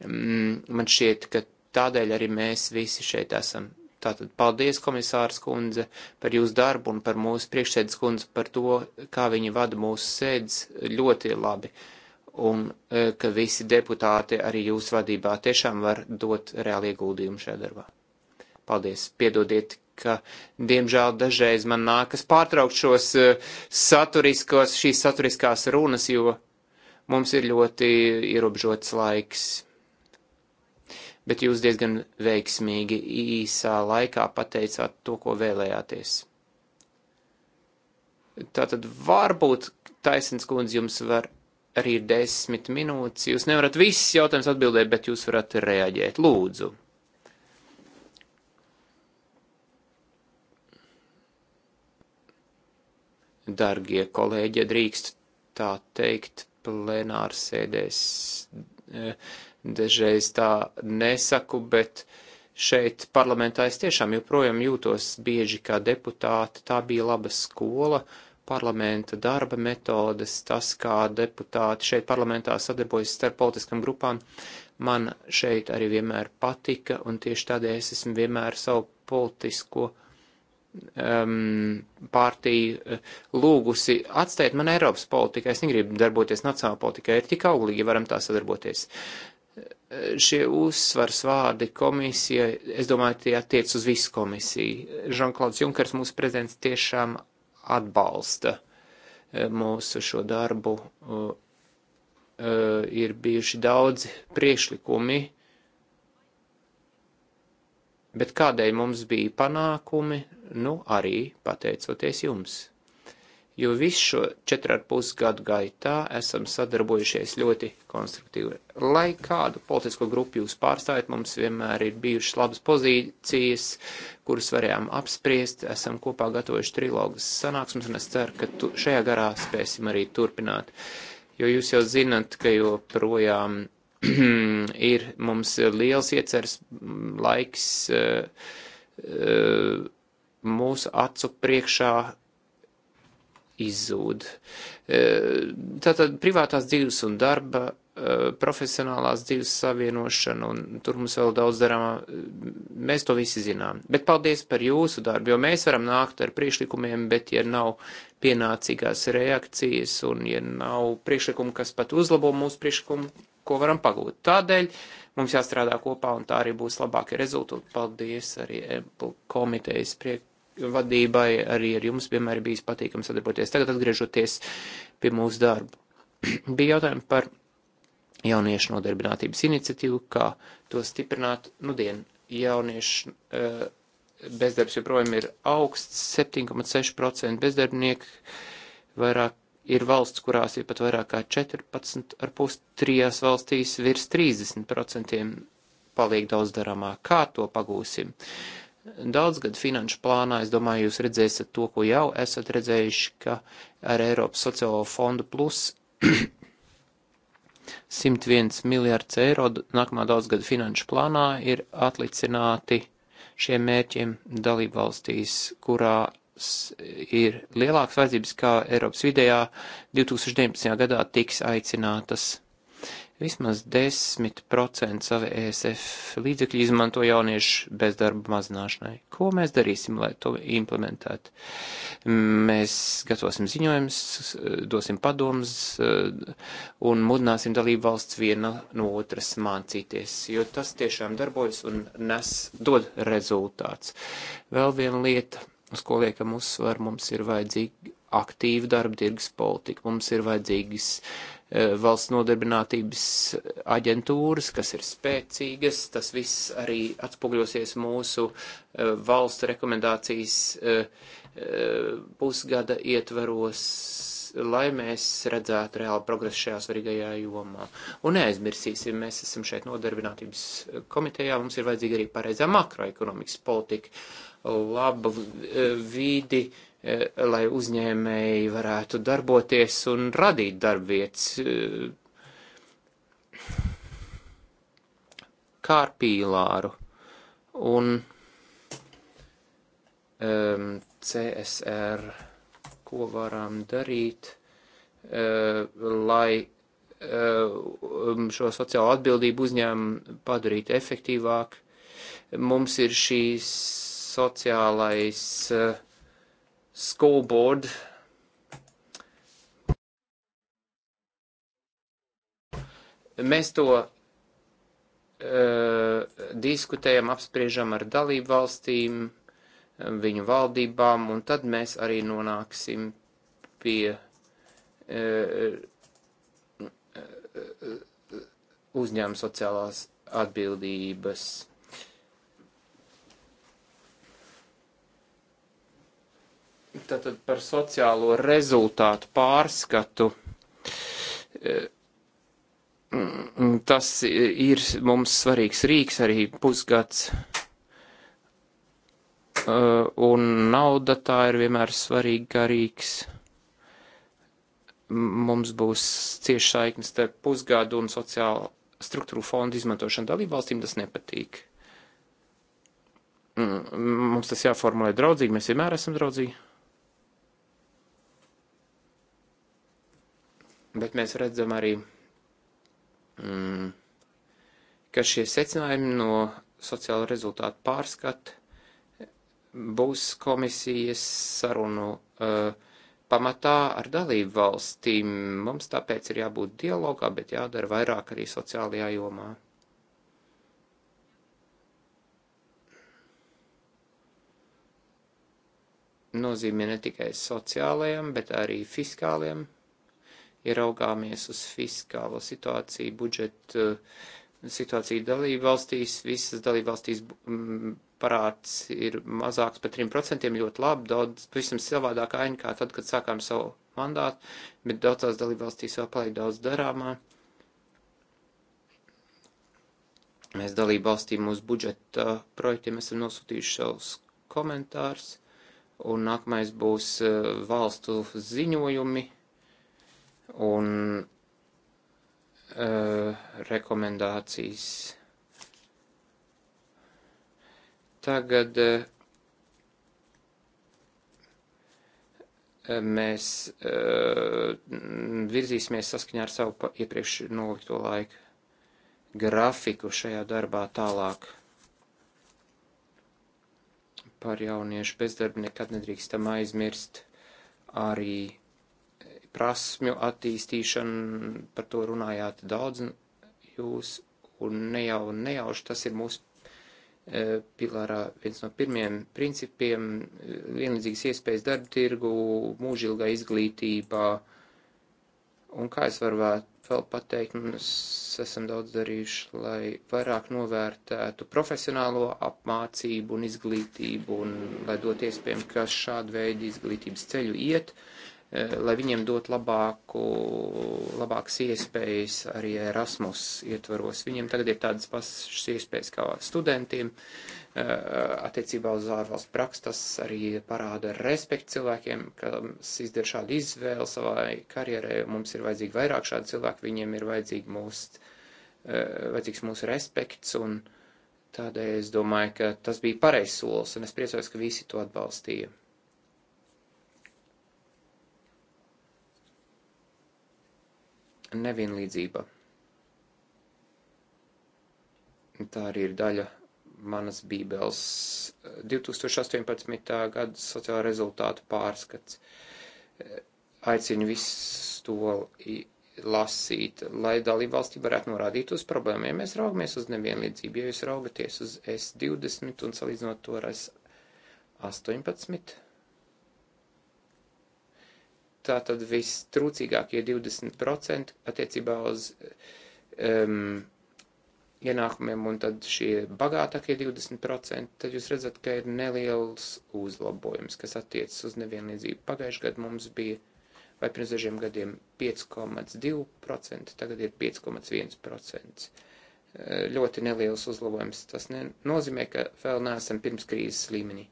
Speaker 2: mm, man šķiet, ka tādēļ arī mēs visi šeit esam. Tātad paldies, komisārs kundze, par jūsu darbu un par mūsu priekšsēdes kundze par to, kā viņi vada mūsu sēdes ļoti labi. Uh, un e, ka visi deputāti arī jūsu vadībā tiešām var dot reāli ieguldījumu šajā darbā. Paldies! Piedodiet, ka diemžēl dažreiz man nākas pārtraukt šos e, saturiskos, šīs saturiskās runas, jo mums ir ļoti ierobežots laiks. Bet jūs diezgan veiksmīgi īsā laikā pateicāt to, ko vēlējāties. Tātad varbūt taisnskundze jums var arī ir desmit minūtes. Jūs nevarat visus jautājumus atbildēt, bet jūs varat reaģēt. Lūdzu! Dargie kolēģi, drīkst tā teikt, plenārsēdēs e, dažreiz tā nesaku, bet šeit parlamentā es tiešām joprojām jūtos bieži kā deputāti. Tā bija laba skola. Uh, parlamenta darba metodes, tas, kā deputāti šeit parlamentā sadarbojas starp politiskām grupām, man šeit arī vienmēr patika, un tieši tādēļ es esmu vienmēr savu politisko um, pārtīju uh, lūgusi atstāt man Eiropas politikai. Es negribu darboties nacionāla politikai, ir tik auglīgi, ja varam tā sadarboties. Uh, šie uzsvars vārdi komisijai, es domāju, tie attiec uz visu komisiju. Žanklauds Junkers, mūsu prezidents, tiešām atbalsta e, mūsu šo darbu. E, e, ir bijuši daudzi priekšlikumi, bet kādēļ mums bija panākumi, nu arī pateicoties jums jo visu šo četru ar pus gadu gaitā esam sadarbojušies ļoti konstruktīvi. Lai kādu politisko grupu jūs pārstāvjat, mums vienmēr ir bijušas labas pozīcijas, kuras varējām apspriest, esam kopā gatavojuši trilogas sanāksmes, un es ceru, ka tu, šajā garā spēsim arī turpināt. Jo jūs jau zinat, ka joprojām *clears throat* ir mums liels ieceres laiks uh, uh, mūsu acu priekšā izzūd. E, tātad privātās dzīves un darba, e, profesionālās dzīves savienošana, un tur mums vēl daudz darāmā, mēs to visi zinām. Bet paldies par jūsu darbu, jo mēs varam nākt ar priekšlikumiem, bet ja nav pienācīgās reakcijas un ja nav priekšlikumu, kas pat uzlabo mūsu priekšlikumu, ko varam pagūt. Tādēļ mums jāstrādā kopā, un tā arī būs labākie rezultāti. Paldies arī Apple komitejas priekšlikumu vadībai arī ar jums vienmēr bijis patīkami sadarboties. Tagad atgriežoties pie mūsu darbu. *clears throat* Bija jautājumi par jauniešu nodarbinātības iniciatīvu, kā to stiprināt. Nudien jauniešu uh, bezdarbs joprojām ir augsts, 7,6% bezdarbnieku, vairāk ir valsts, kurās ir pat vairāk kā 14,5, trijās valstīs virs 30% paliek daudz darāmā. Kā to pagūsim? Uh, Daudzgad finanšu plānā, es domāju, jūs redzēsiet to, ko jau esat redzējuši, ka ar Eiropas sociālo fondu plus 101 *clears throat* miljārds eiro nākamā daudzgada finanšu plānā ir atlicināti šiem mērķiem dalību valstīs, kurā ir lielākas vajadzības kā Eiropas vidējā 2019. gadā tiks aicinātas Vismaz 10% sava ESF līdzekļu izmanto jauniešu bezdarba mazināšanai. Ko mēs darīsim, lai to implementētu? Mēs gatavosim ziņojumus, dosim padomus un mudināsim dalību valsts viena no otras mācīties, jo tas tiešām darbojas un nes, dod rezultāts. Vēl viena lieta, uz ko liekam uzsvar, mums ir vajadzīga aktīva darba tirgus politika, mums ir vajadzīgas E, valsts nodarbinātības aģentūras, kas ir spēcīgas. Tas viss arī atspogļosies mūsu e, valstu rekomendācijas e, pusgada ietvaros, lai mēs redzētu reāli progresu šajā svarīgajā jomā. Un neaizmirsīsim, mēs esam šeit nodarbinātības komitejā, mums ir vajadzīga arī pareizā makroekonomikas politika, laba vīdi. Uh, E, lai uzņēmēji varētu darboties un radīt darbvietas. E, Kā ar pīlāru un um, e, CSR, ko varam darīt, uh, lai uh, šo sociālo atbildību uzņēmumu padarītu efektīvāk. Mums ir šīs sociālais uh, school board mēs to uh, diskutējam, apspriežam ar dalību valstīm, viņu valdībām, un tad mēs arī nonāksim pie uh, uzņēmuma sociālās atbildības. Tātad par sociālo rezultātu pārskatu. E, mm, tas ir mums svarīgs rīks arī pusgads. E, un nauda tā ir vienmēr svarīga rīks mums būs cieši saiknes starp pusgadu un sociālo struktūru fondu izmantošanu dalībvalstīm, tas nepatīk. Mm, mums tas jāformulē draudzīgi, mēs vienmēr esam draudzīgi. bet mēs redzam arī, mm, ka šie secinājumi no sociāla rezultātu pārskata būs komisijas sarunu uh, pamatā ar dalību valstīm. Mums tāpēc ir jābūt dialogā, bet jādara vairāk arī sociālajā jomā. Nozīmē ne tikai sociālajam, bet arī fiskālajam ja raugāmies uz fiskālo situāciju, budžetu eh, situāciju dalību valstīs, visas dalību valstīs mm, parāds ir mazāks par 3%, ļoti labi, daudz, pavisam savādāk aina kā tad, kad sākām savu mandātu, bet daudzās dalību valstīs vēl paliek daudz darāmā. Mēs dalību valstīm mūsu budžeta projektiem esam nosūtījuši savus komentārus, un nākamais būs eh, valstu ziņojumi un uh, rekomendācijas. Tagad uh, mēs uh, virzīsimies saskaņā ar savu iepriekš nolikto laiku grafiku šajā darbā tālāk. Par jauniešu bezdarbu nekad nedrīkstam aizmirst arī prasmju attīstīšanu, par to runājāt daudz jūs, un ne jau nejauši tas ir mūsu e, pilārā viens no pirmiem principiem e, - vienlīdzīgas iespējas darba tirgu, mūžilgā izglītībā, un kā es varu vēl pateikt, mēs esam daudz darījuši, lai vairāk novērtētu profesionālo apmācību un izglītību, un lai dot iespējami, kas šādu veidu izglītības ceļu iet. Uh, Eh, lai viņiem dot labāku, labākas iespējas arī Erasmus ietvaros. Viņiem tagad ir tādas pašas iespējas kā studentiem, eh, attiecībā uz ārvalstu prakses, tas arī parāda respektu cilvēkiem, kas izdara šādu izvēlu savai karjerai, mums ir vajadzīgi vairāk šādu cilvēku, viņiem ir vajadzīgi mūs, eh, vajadzīgs mūsu respekts, un tādēļ es domāju, ka tas bija pareizs solis, un es priecājos, ka visi to atbalstīja. nevienlīdzība. Tā arī ir daļa manas bībeles 2018. gada sociāla rezultātu pārskats. Aicinu visus to lasīt, lai dalībvalstī varētu norādīt uz problēmām. Ja mēs raugamies uz nevienlīdzību, ja jūs raugaties uz S20 un salīdzinot to ar S18, tātad vistrūcīgākie 20% attiecībā uz um, ienākumiem un tad šie bagātākie 20%, tad jūs redzat, ka ir neliels uzlabojums, kas attiecas uz nevienlīdzību. Pagājušajā gadā mums bija, vai pirms dažiem gadiem, 5,2%, tagad ir 5,1% eh, ļoti neliels uzlabojums. Tas nenozīmē, ka vēl neesam pirms krīzes līmenī,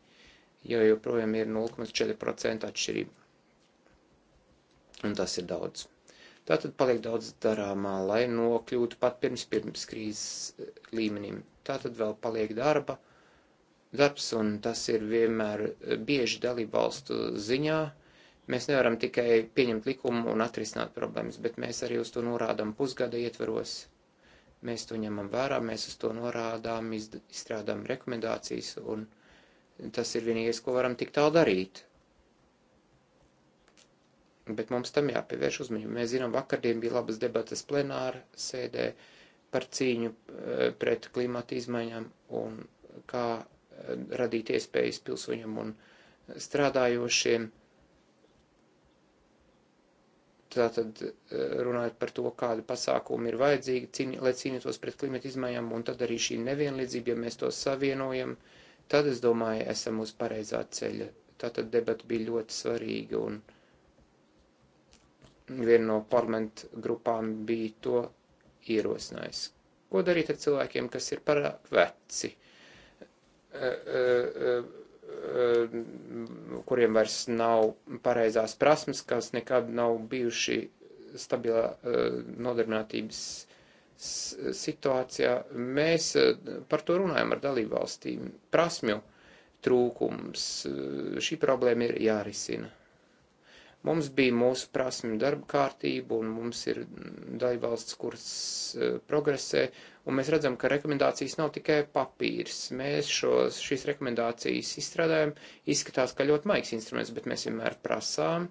Speaker 2: jo joprojām ir 0,4% atšķirība un tas ir daudz. Tātad paliek daudz darāmā, lai nokļūtu pat pirms pirms krīzes līmenim. Tātad vēl paliek darba, darbs, un tas ir vienmēr bieži dalību valstu ziņā. Mēs nevaram tikai pieņemt likumu un atrisināt problēmas, bet mēs arī uz to norādām pusgada ietveros. Mēs to ņemam vērā, mēs uz to norādām, izstrādām rekomendācijas, un tas ir vienīgais, ko varam tik tālu darīt bet mums tam jāpievērš uzmanība. Mēs zinām, vakardien bija labas debatas plenāra sēdē par cīņu eh, pret klimata izmaiņām un kā eh, radīt iespējas pilsoņiem un strādājošiem. Tātad eh, runājot par to, kādi pasākumi ir vajadzīgi, cīņ, lai cīnītos pret klimata izmaiņām, un tad arī šī nevienlīdzība, ja mēs to savienojam, tad es domāju, esam uz pareizā ceļa. Tātad debata bija ļoti svarīga un viena no parlamentu grupām bija to ierosinājusi. Ko darīt ar cilvēkiem, kas ir par veci, eh, eh, eh, kuriem vairs nav pareizās prasmes, kas nekad nav bijuši stabilā nodarbinātības situācijā. Mēs par to runājam ar dalībvalstīm. Prasmju trūkums. Šī problēma ir jārisina. Mums bija mūsu prasmju darba kārtība, un mums ir daļvalsts, kuras uh, progresē, un mēs redzam, ka rekomendācijas nav tikai papīrs. Mēs šos, šīs rekomendācijas izstrādājam, izskatās, ka ļoti maigs instruments, bet mēs vienmēr prasām,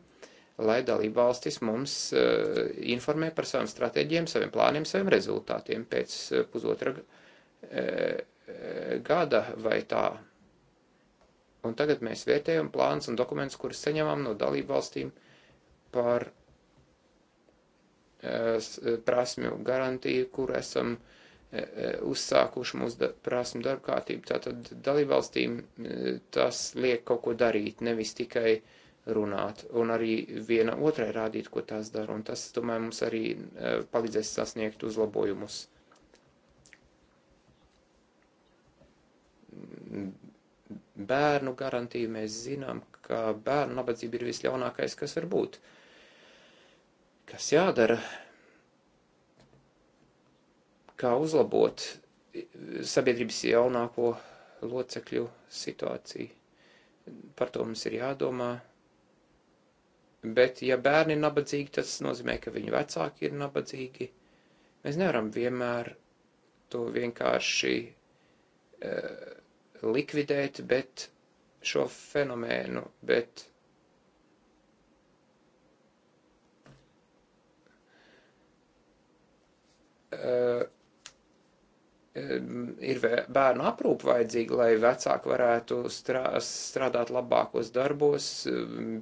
Speaker 2: lai dalība valstis mums uh, informē par saviem stratēģiem, saviem plāniem, saviem rezultātiem pēc uh, pusotra gada vai tā Un tagad mēs vērtējam plāns un dokumentus, kurus saņemam no dalību valstīm par eh, eh, prasmju garantiju, kur esam eh, uzsākuši mūsu prasmu darba kārtību. Tātad dalībvalstīm tas liek kaut ko darīt, nevis tikai runāt, un arī viena otrai rādīt, ko tās dara, un tas, domāju, mums arī palīdzēs sasniegt uzlabojumus bērnu garantiju, mēs zinām, ka bērnu nabadzība ir visļaunākais, kas var būt. Kas jādara? Kā uzlabot sabiedrības jaunāko locekļu situāciju? Par to mums ir jādomā. Bet, ja bērni ir nabadzīgi, tas nozīmē, ka viņu vecāki ir nabadzīgi. Mēs nevaram vienmēr to vienkārši uh, likvidēt, bet šo fenomēnu, bet uh, ir bērnu aprūpa vajadzīga, lai vecāki varētu strā, strādāt labākos darbos,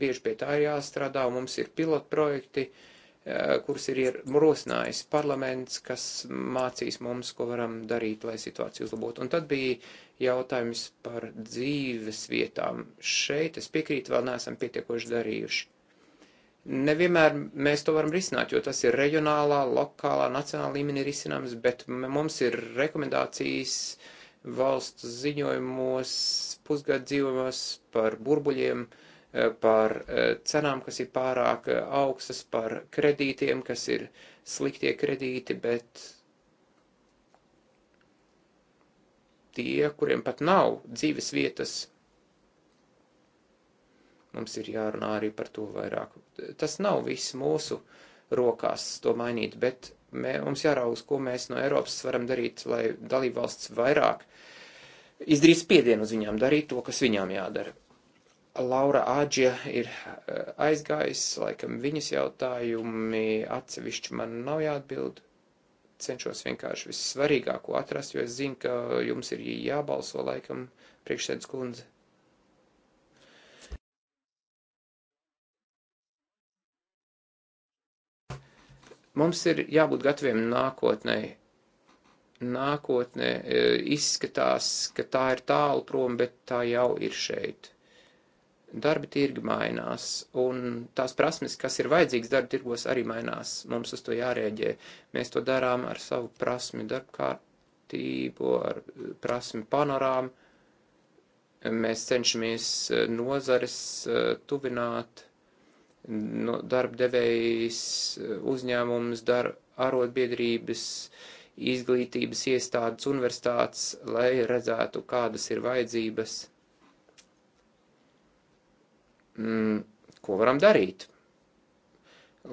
Speaker 2: bieži pie tā ir jāstrādā, mums ir pilotprojekti, uh, Eh, kuras ir, ir rosinājis parlaments, kas mācīs mums, ko varam darīt, lai situāciju uzlabotu. Un tad bija jautājums par dzīves vietām. Šeit es piekrītu, vēl neesam pietiekoši darījuši. Nevienmēr mēs to varam risināt, jo tas ir reģionālā, lokālā, nacionālā līmenī risinājums, bet mums ir rekomendācijas valsts ziņojumos, pusgadu dzīvojumos par burbuļiem, uh, Eh, par eh, cenām, kas ir pārāk eh, augstas, par kredītiem, kas ir sliktie kredīti, bet tie, kuriem pat nav dzīves vietas, mums ir jārunā arī par to vairāk. Tas nav viss mūsu rokās to mainīt, bet mē, mums jāraugs, ko mēs no Eiropas varam darīt, lai dalībvalsts vairāk izdarīt spiedienu uz viņām, darīt to, kas viņām jādara. Laura Āģija ir eh, aizgājis, laikam viņas jautājumi atsevišķi man nav jāatbild. Cenšos vienkārši vissvarīgāko atrast, jo es zinu, ka jums ir jābalso laikam priekšsēdus kundze. Mums ir jābūt gataviem nākotnē. Nākotnē eh, izskatās, ka tā ir tālu prom, bet tā jau ir šeit Darba tirgi mainās, un tās prasmes, kas ir vajadzīgas darba tirgos, arī mainās. Mums uz to jārēģē. Mēs to darām ar savu prasmi darbkārtību, ar eh, prasmi panorām. Mēs cenšamies eh, nozares eh, tuvināt no darba devējs, uzņēmums, dar, arotbiedrības, izglītības iestādes, universitātes, lai redzētu, kādas ir vajadzības mm, ko varam darīt,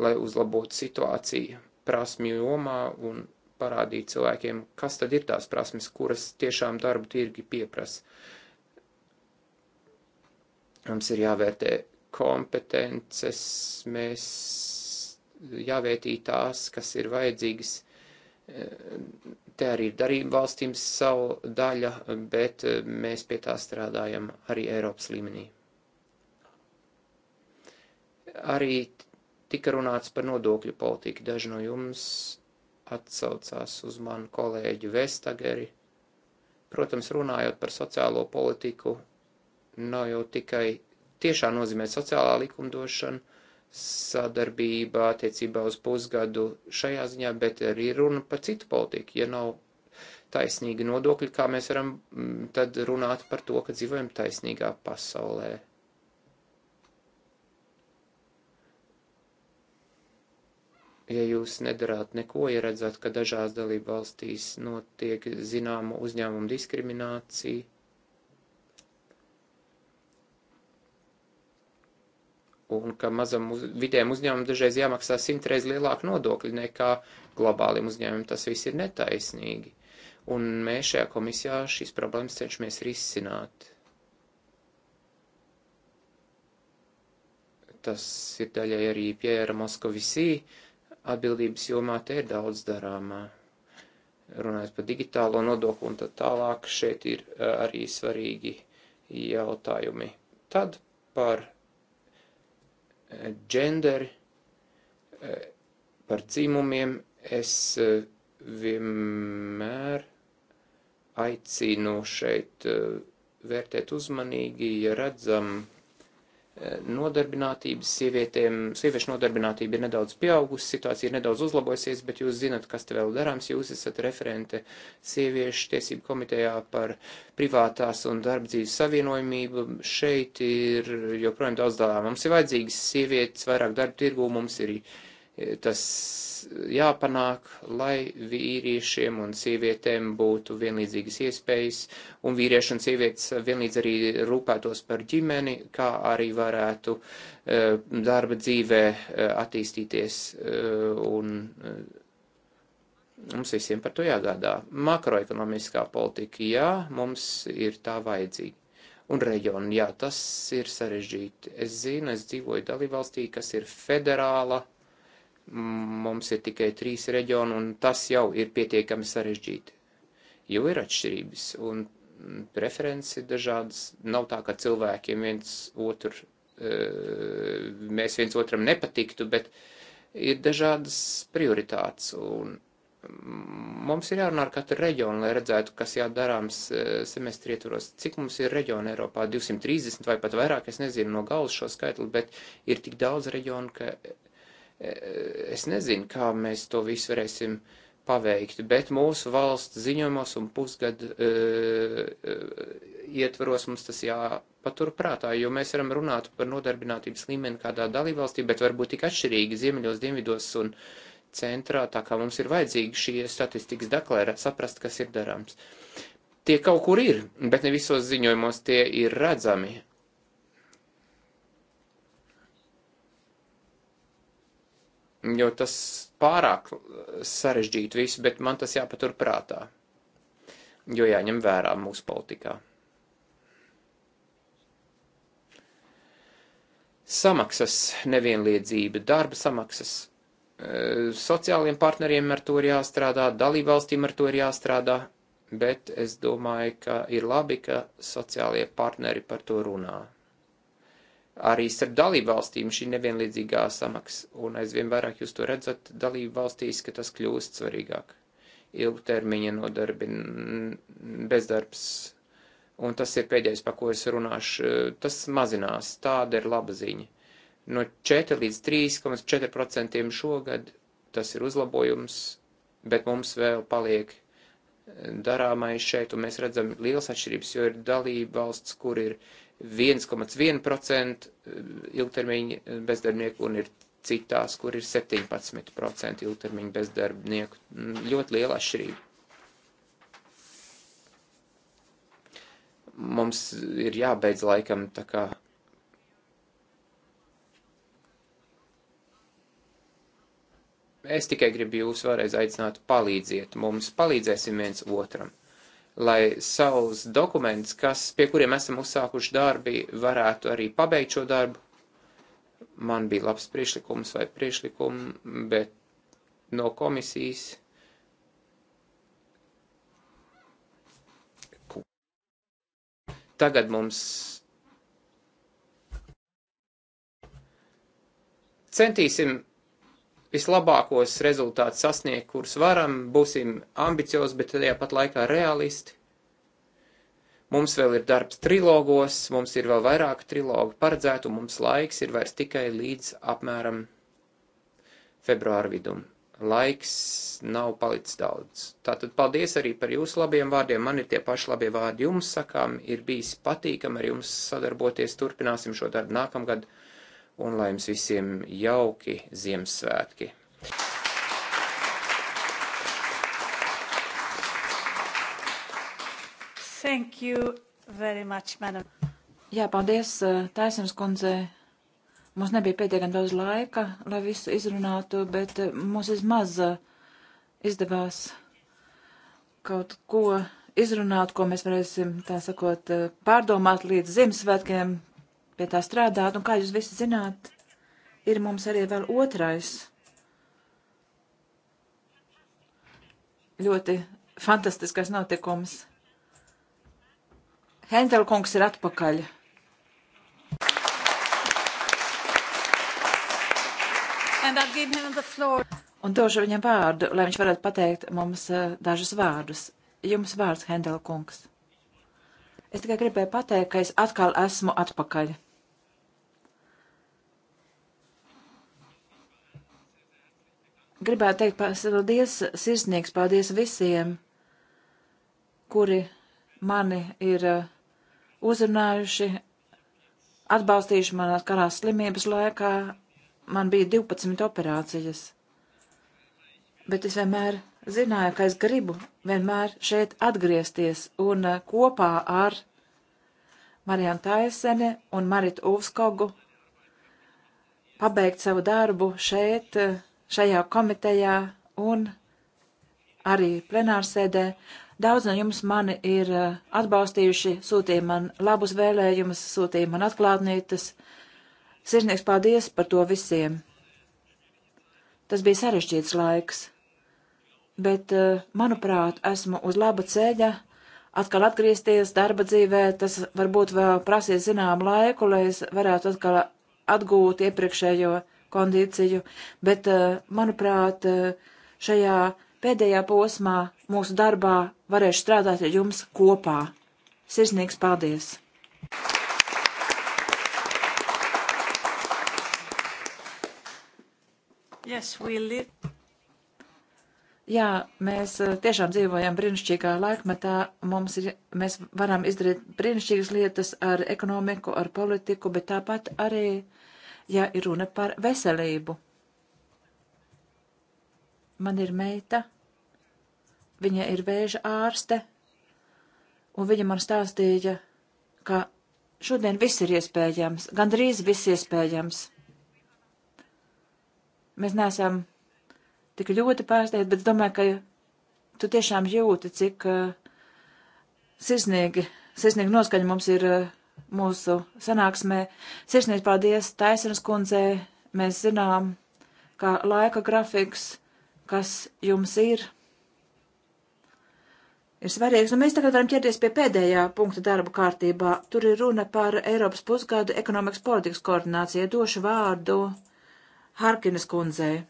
Speaker 2: lai uzlabotu situāciju prasmju jomā un parādītu cilvēkiem, kas tad ir tās prasmes, kuras tiešām darba tirgi pieprasa. Mums ir jāvērtē kompetences, mēs jāvērtī tās, kas ir vajadzīgas. Te arī ir darība valstīm savu daļa, bet mēs pie tā strādājam arī Eiropas līmenī. Arī tika runāts par nodokļu politiku. Daži no jums atsaucās uz manu kolēģi Vestageri. Protams, runājot par sociālo politiku, nav jau tikai tiešā nozīmē sociālā likumdošana, sadarbība attiecībā uz pusgadu šajā ziņā, bet arī runa par citu politiku. Ja nav taisnīgi nodokļi, kā mēs varam mm, tad runāt par to, ka dzīvojam taisnīgā pasaulē. ja jūs nedarāt neko, ja redzat, ka dažās dalību valstīs notiek zināma uzņēmuma diskriminācija, un ka mazam uz, vidējam uzņēmumam dažreiz jāmaksā simtreiz lielāku nodokļu nekā globāliem uzņēmumiem. Tas viss ir netaisnīgi. Un mēs šajā komisijā šīs problēmas cenšamies risināt. Tas ir daļai arī Pjēra Moskovisī atbildības jomā te ir daudz darāmā. Runājot par digitālo nodokli un tad tālāk, šeit ir eh, arī svarīgi jautājumi. Tad par dženderi, eh, eh, par dzimumiem es vienmēr aicinu šeit vērtēt uzmanīgi, ja redzam nodarbinātības sievietēm, sieviešu nodarbinātība ir nedaudz pieaugusi, situācija ir nedaudz uzlabojusies, bet jūs zinat, kas te vēl darāms, jūs esat referente sieviešu tiesību komitejā par privātās un darbdzīves savienojumību, šeit ir joprojām daudz darām, mums ir vajadzīgas sievietes, vairāk darba tirgū, mums ir uh, Tas jāpanāk, lai vīriešiem un sievietēm būtu vienlīdzīgas iespējas, un vīrieši un sievietes vienlīdz arī rūpētos par ģimeni, kā arī varētu e, darba dzīvē e, attīstīties, e, un mums visiem par to jāgādā. Makroekonomiskā politika, jā, mums ir tā vajadzīga un reģionu. Jā, tas ir sarežģīti. Es zinu, es dzīvoju dalībvalstī, kas ir federāla Mums ir tikai trīs reģioni, un tas jau ir pietiekami sarežģīti. Jo ir atšķirības, un preferences ir dažādas. Nav tā, ka cilvēkiem viens otru, e, mēs viens otram nepatiktu, bet ir dažādas prioritātes, un mums ir jārunā ar katru reģionu, lai redzētu, kas jādarāms e, semestri ietvaros. Cik mums ir reģionu Eiropā? 230 vai pat vairāk, es nezinu no galvas šo skaitli, bet ir tik daudz reģionu, ka Eh, es nezinu, kā mēs to visu varēsim paveikt, bet mūsu valsts ziņojumos un pusgadu uh, eh, eh, ietvaros mums tas jāpaturprātā, jo mēs varam runāt par nodarbinātības līmeni kādā dalībvalstī, bet varbūt tik atšķirīgi ziemeļos, dienvidos un centrā, tā kā mums ir vajadzīgi šie statistikas deklarē, saprast, kas ir darāms. Tie kaut kur ir, bet ne visos ziņojumos tie ir redzami. jo tas pārāk sarežģītu visu, bet man tas jāpatur prātā, jo jāņem vērā mūsu politikā. Samaksas nevienlīdzība, darba samaksas, sociāliem partneriem ar to ir jāstrādā, dalībvalstīm ar to ir jāstrādā, bet es domāju, ka ir labi, ka sociālie partneri par to runā arī starp dalību valstīm šī nevienlīdzīgā samaksa, un aizvien vairāk jūs to redzat dalību valstīs, ka tas kļūst svarīgāk. Ilgtermiņa nodarbin, bezdarbs, un tas ir pēdējais, pa ko es runāšu, tas mazinās, tāda ir laba ziņa. No 4 līdz 3,4% šogad tas ir uzlabojums, bet mums vēl paliek e, darāmais šeit, un mēs redzam liels atšķirības, jo ir dalība valsts, kur ir 1,1% eh, ilgtermiņa bezdarbnieku un ir citās, kur ir 17% ilgtermiņa bezdarbnieku. Mm, ļoti liela atšķirība. Mums ir jābeidz laikam tā kā. Es tikai gribu jūs vēlreiz aicināt, palīdziet mums, palīdzēsim viens otram lai savus dokumentus, kas, pie kuriem esam uzsākuši darbi, varētu arī pabeigt šo darbu. Man bija labs priešlikums vai priešlikumi, bet no komisijas. Tagad mums centīsim vislabākos rezultātus sasniegt, kurus varam, būsim ambiciozi, bet tajā pat laikā realisti. Mums vēl ir darbs trilogos, mums ir vēl vairāk trilogu paredzētu, un mums laiks ir vairs tikai līdz apmēram februāra vidum. Laiks nav palicis daudz. Tātad paldies arī par jūsu labiem vārdiem. Man ir tie paši labie vārdi jums sakām. Ir bijis patīkam ar jums sadarboties. Turpināsim šo darbu nākamgad un lai jums visiem jauki Ziemassvētki!
Speaker 1: Thank you very much, madam.
Speaker 3: Jā, paldies, eh, Taisnums kundze. Mums nebija pietiekami daudz laika, lai visu izrunātu, bet eh, mums vismaz eh, izdevās kaut ko izrunāt, ko mēs varēsim, tā sakot, pārdomāt līdz Ziemassvētkiem, pie tā strādāt, un kā jūs visi zināt, ir mums arī vēl otrais ļoti fantastiskais notikums. Hendelkungs ir atpakaļ. Un došu viņam vārdu, lai viņš varētu pateikt mums uh, dažus vārdus. Jums vārds, Hendelkungs. Es tikai gribēju pateikt, ka es atkal esmu atpakaļ. Gribētu teikt paldies, sirsnieks, paldies visiem, kuri mani ir eh, uzrunājuši, atbalstījuši manās karās slimības laikā. Man bija 12 operācijas, bet es vienmēr zināju, ka es gribu vienmēr šeit atgriezties un eh, kopā ar Marijanu Taisene un Maritu Uvskogu pabeigt savu darbu šeit, eh, šajā komitejā un arī plenārsēdē. Daudz no jums mani ir eh, atbalstījuši, sūtīja man labus vēlējumus, sūtīja man atklātnītas. Sirsnieks paldies par to visiem. Tas bija sarežģīts laiks, bet, eh, manuprāt, esmu uz laba ceļa atkal atgriezties darba dzīvē, tas varbūt vēl prasīs zinām laiku, lai es varētu atkal atgūt iepriekšējo kondīciju, bet, eh, manuprāt, eh, šajā pēdējā posmā mūsu darbā varēšu strādāt ar jums kopā. Sirsnīgs paldies!
Speaker 1: Yes, we live.
Speaker 3: Jā, mēs eh, tiešām dzīvojam brīnišķīgā laikmetā. Mums ir, mēs varam izdarīt brīnišķīgas lietas ar ekonomiku, ar politiku, bet tāpat arī ja ir runa par veselību. Man ir meita, viņa ir vēža ārste, un viņa man stāstīja, ka šodien viss ir iespējams, gandrīz viss iespējams. Mēs neesam tik ļoti pārsteigti, bet domāju, ka tu tiešām jūti, cik uh, sirsnīgi, sirsnīgi noskaņa mums ir uh, mūsu sanāksmē. Sirsnīgi paldies Taisanas kundzei. Mēs zinām, kā laika grafiks, kas jums ir, ir svarīgs. Un mēs tagad varam ķerties pie pēdējā punkta darba kārtībā. Tur ir runa par Eiropas pusgadu ekonomikas politikas koordināciju. Došu vārdu Harkinas kundzei.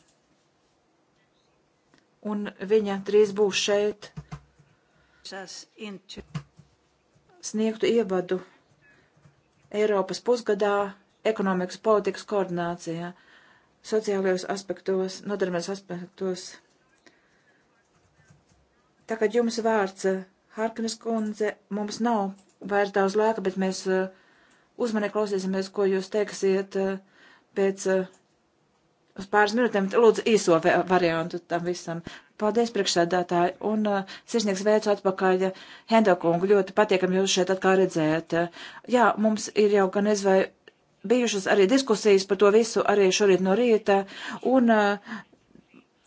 Speaker 3: Un viņa drīz būs šeit. Sniegtu ievadu Eiropas pusgadā ekonomikas politikas koordinācijā, sociālajos aspektos, nodarbības aspektos. Tagad jums vārds, eh, Harknes kundze, mums nav vairs daudz laika, bet mēs eh, uzmanīgi klausīsimies, ko jūs teiksiet eh, pēc uz pāris minūtēm lūdzu īso variantu tam visam. Paldies, priekšsēdētāji, un uh, sirsnieks veicu atpakaļ uh, Hendokungu. Ļoti patiekam jūs šeit atkal redzēt. Uh, jā, mums ir jau gan es vai bijušas arī diskusijas par to visu arī šorīt no rīta, un uh,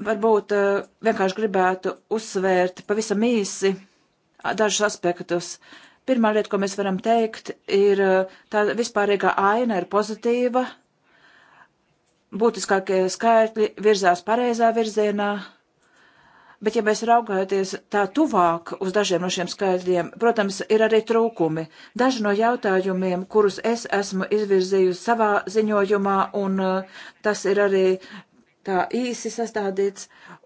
Speaker 3: varbūt uh, vienkārši gribētu uzsvērt pavisam īsi dažus aspektus. Pirmā lieta, ko mēs varam teikt, ir uh, tā vispārīgā aina ir pozitīva, būtiskākie skaitļi virzās pareizā virzienā, bet ja mēs raugāties tā tuvāk uz dažiem no šiem skaitļiem, protams, ir arī trūkumi. Daži no jautājumiem, kurus es esmu izvirzījusi savā ziņojumā, un eh, tas ir arī tā īsi sastādīts,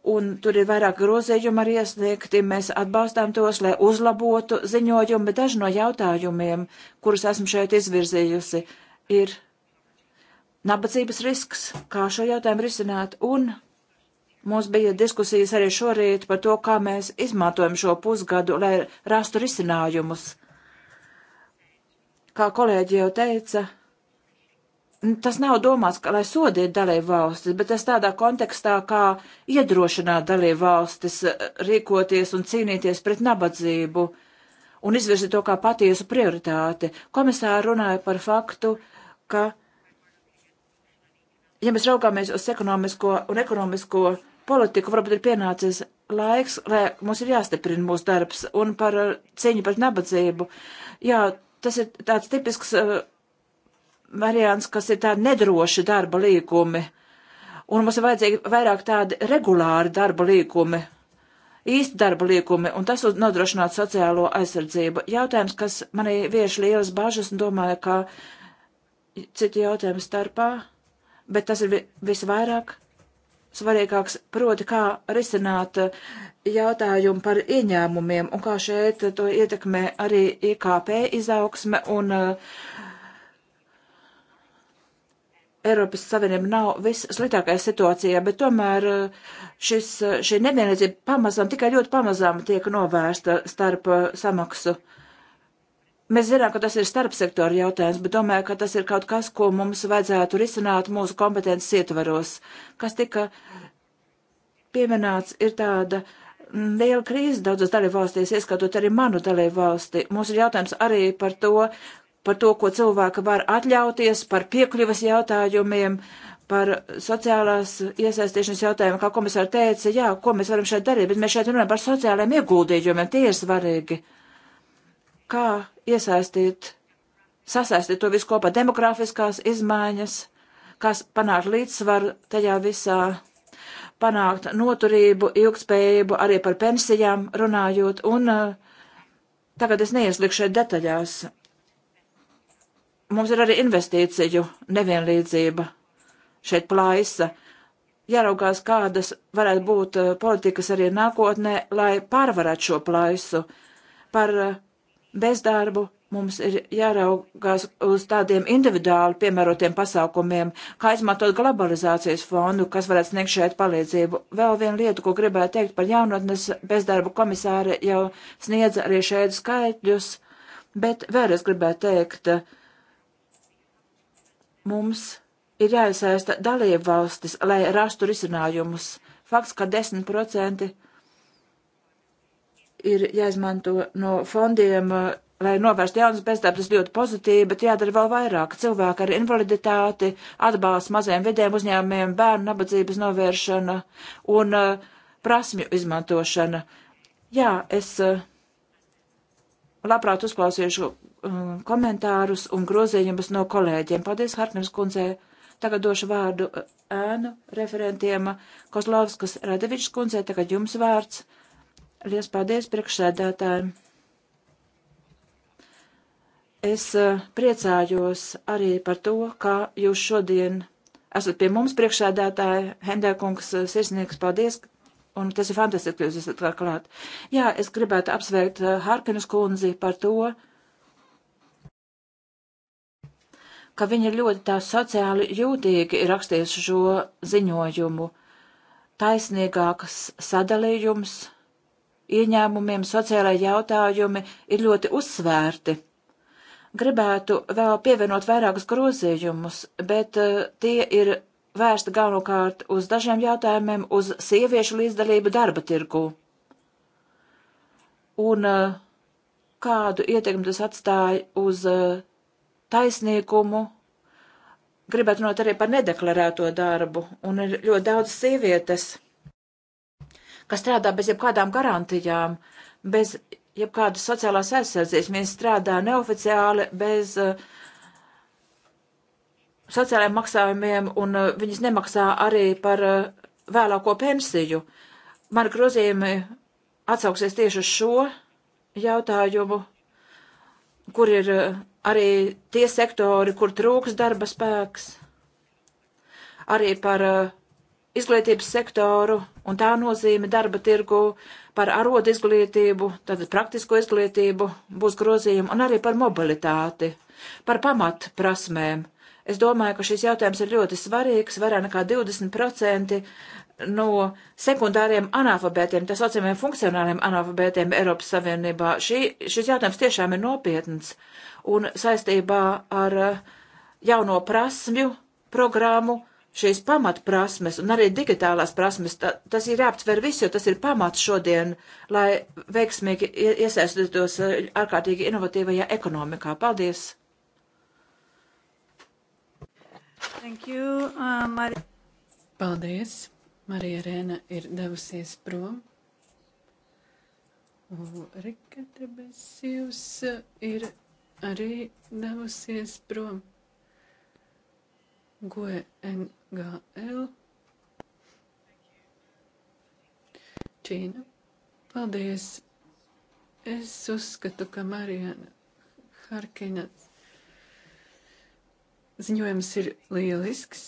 Speaker 3: un tur ir vairāk grozējumu arī iesniegti. Mēs atbalstām tos, lai uzlabotu ziņojumu, bet daži no jautājumiem, kurus esmu šeit izvirzījusi, ir nabadzības risks, kā šo jautājumu risināt, un mums bija diskusijas arī šorīt par to, kā mēs izmantojam šo pusgadu, lai rastu risinājumus. Kā kolēģi jau teica, tas nav domāts, ka, lai sodītu dalību valstis, bet tas tādā kontekstā, kā iedrošināt dalību valstis eh, rīkoties un cīnīties pret nabadzību un izvirzi to kā patiesu prioritāti. Komisāri runāja par faktu, ka ja mēs raugāmies uz ekonomisko un ekonomisko politiku, varbūt ir pienācis laiks, lai mums ir jāstiprina mūsu darbs un par uh, cīņu pret nabadzību. Jā, tas ir tāds tipisks uh, variants, kas ir tādi nedroši darba līkumi. Un mums ir vajadzīgi vairāk tādi regulāri darba līkumi, īsti darba liekumi, un tas nodrošinātu sociālo aizsardzību. Jautājums, kas manī vieš lielas bažas, un domāju, ka citu jautājumu starpā bet tas ir visvairāk svarīgāks, proti, kā risināt eh, jautājumu par ieņēmumiem un kā šeit to ietekmē arī IKP izaugsme un uh, Eiropas Savienība nav vissliktākajā situācijā, bet tomēr eh, šis, šī nevienlīdzība pamazām, tikai ļoti pamazām tiek novērsta starp samaksu Mēs zinām, ka tas ir starpsektoru jautājums, bet domāju, ka tas ir kaut kas, ko mums vajadzētu risināt mūsu kompetences ietvaros. Kas tika pieminēts, ir tāda mm, liela krīze daudzas dalībvalstīs, ieskatot arī manu dalībvalsti. Mums ir jautājums arī par to, par to, ko cilvēki var atļauties, par piekļuvas jautājumiem, par sociālās iesaistīšanas jautājumiem, kā komisāra teica, jā, ko mēs varam šeit darīt, bet mēs šeit runājam par sociālajiem ieguldījumiem, tie ir svarīgi. Uh, kā iesaistīt, sasaistīt to visu kopā demografiskās izmaiņas, kas panāk līdzsvaru tajā visā, panākt noturību, ilgspējību, arī par pensijām runājot, un eh, tagad es neieslīgšu šeit detaļās. Mums ir arī investīciju nevienlīdzība, šeit plaisa jāraugās, kādas varētu būt eh, politikas arī nākotnē, lai pārvarētu šo plaisu par eh, bezdarbu, mums ir jāraugās uz tādiem individuāli piemērotiem pasākumiem, kā izmantot globalizācijas fondu, kas varētu sniegt šeit palīdzību. Vēl viena lieta, ko gribēju teikt par jaunatnes bezdarbu komisāri jau sniedz arī šeit skaitļus, bet vēlreiz gribēju teikt, mums ir jāiesaista dalību valstis, lai rastu risinājumus. Fakts, ka 10% ir jāizmanto no fondiem, uh, lai novērstu jaunas bezdarbas ļoti pozitīvi, bet jādara vēl vairāk. Cilvēki ar invaliditāti, atbalsts maziem vidiem uzņēmumiem, bērnu nabadzības novēršana un uh, prasmju izmantošana. Jā, es uh, labprāt uzklausīšu komentārus un grozījumus no kolēģiem. Paldies, Hartners kundzei! Tagad došu vārdu ēnu referentiem Kozlovskas Radevičs kundzei, tagad jums vārds. Liels paldies priekšsēdētājiem! Es eh, priecājos arī par to, ka jūs šodien esat pie mums priekšsēdētāji, Hendēkungs, eh, sirsnieks, paldies, un tas ir fantastiski, ka jūs esat vēl klāt. Jā, es gribētu apsveikt eh, Harkinas kundzi par to, ka viņa ļoti tā sociāli jūtīgi ir rakstījusi šo ziņojumu. Taisnīgāks sadalījums ieņēmumiem, sociālai jautājumi ir ļoti uzsvērti. Gribētu vēl pievienot vairākus grozījumus, bet uh, tie ir vērsti galvenokārt uz dažiem jautājumiem, uz sieviešu līdzdalību darba tirgu. Un uh, kādu ietekmi tas atstāja uz uh, taisnīgumu, gribētu runāt arī par nedeklarēto darbu, un ir ļoti daudz sievietes kas strādā bez jebkādām garantijām, bez jebkādas sociālās aizsardzības. Viņi strādā neoficiāli, bez uh, sociālajiem maksājumiem, un uh, viņas nemaksā arī par uh, vēlāko pensiju. Mani grozījumi atsauksies tieši uz šo jautājumu, kur ir arī tie sektori, kur trūks darba spēks, arī par uh, izglītības sektoru un tā nozīme darba tirgu par arodu izglītību, tātad praktisko izglītību būs grozījumi un arī par mobilitāti, par pamat prasmēm. Es domāju, ka šis jautājums ir ļoti svarīgs, vairāk nekā 20% no sekundāriem analfabētiem, tā saucamiem funkcionāliem analfabētiem Eiropas Savienībā. Šī, šis jautājums tiešām ir nopietns un saistībā ar jauno prasmju programmu šīs pamatprasmes un arī digitālās prasmes, ta, tas ir jāaptver viss, jo tas ir pamats šodien, lai veiksmīgi iesaistītos e, ārkārtīgi inovatīvajā ekonomikā. Paldies!
Speaker 1: Thank you, uh, Mari... Paldies! Marija Rēna ir devusies prom. Rika Trebesijus ir arī devusies prom. GOE NGL. Čīna. Paldies! Es uzskatu, ka Marijana Harkina ziņojums ir lielisks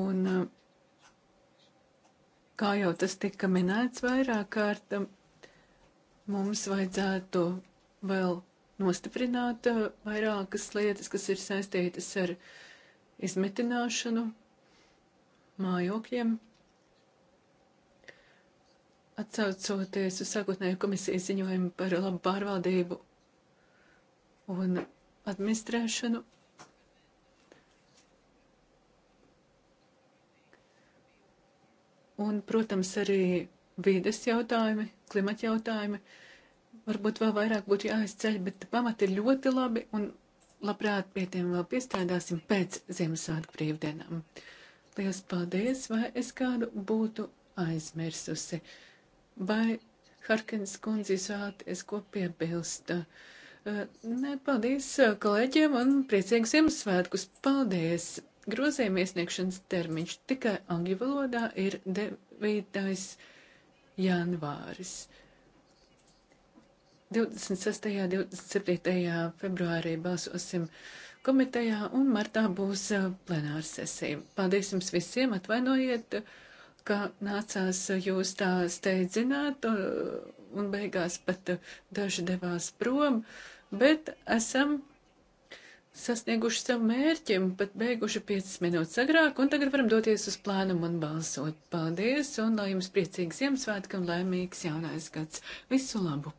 Speaker 1: un kā jau tas tika minēts vairāk kārt, mums vajadzētu vēl nostiprināt vairākas lietas, kas ir saistītas ar uh, izmitināšanu mājokļiem. Atcaucoties uz sākotnēju komisijas ziņojumu par labu pārvaldību un administrēšanu, un, protams, arī vīdes jautājumi, klimata jautājumi. Varbūt vēl vairāk būtu jāizceļ, bet pamati ir ļoti labi, un labprāt pie tiem vēl piestrādāsim pēc Ziemassvētku brīvdienām. Lielas paldies, vai es kādu būtu aizmirsusi? Vai Harkins kundze izvēlēties ko piebilst? Nē, paldies kolēģiem un priecīgus Ziemassvētkus. Paldies! Grozījuma iesniegšanas termiņš tikai angļu valodā ir 9. janvāris. 26. un 27. februārī balsosim komitejā un martā būs uh, plenāra sesija. Paldies jums visiem, atvainojiet, ka nācās uh, jūs tā steidzināt un, uh, un beigās pat daži devās prom, bet esam sasnieguši savu mērķi un pat beiguši 5 minūtes agrāk, un tagad varam doties uz plānumu un balsot. Paldies, un lai jums priecīgs Ziemassvētki un laimīgs jaunais gads. Visu labu!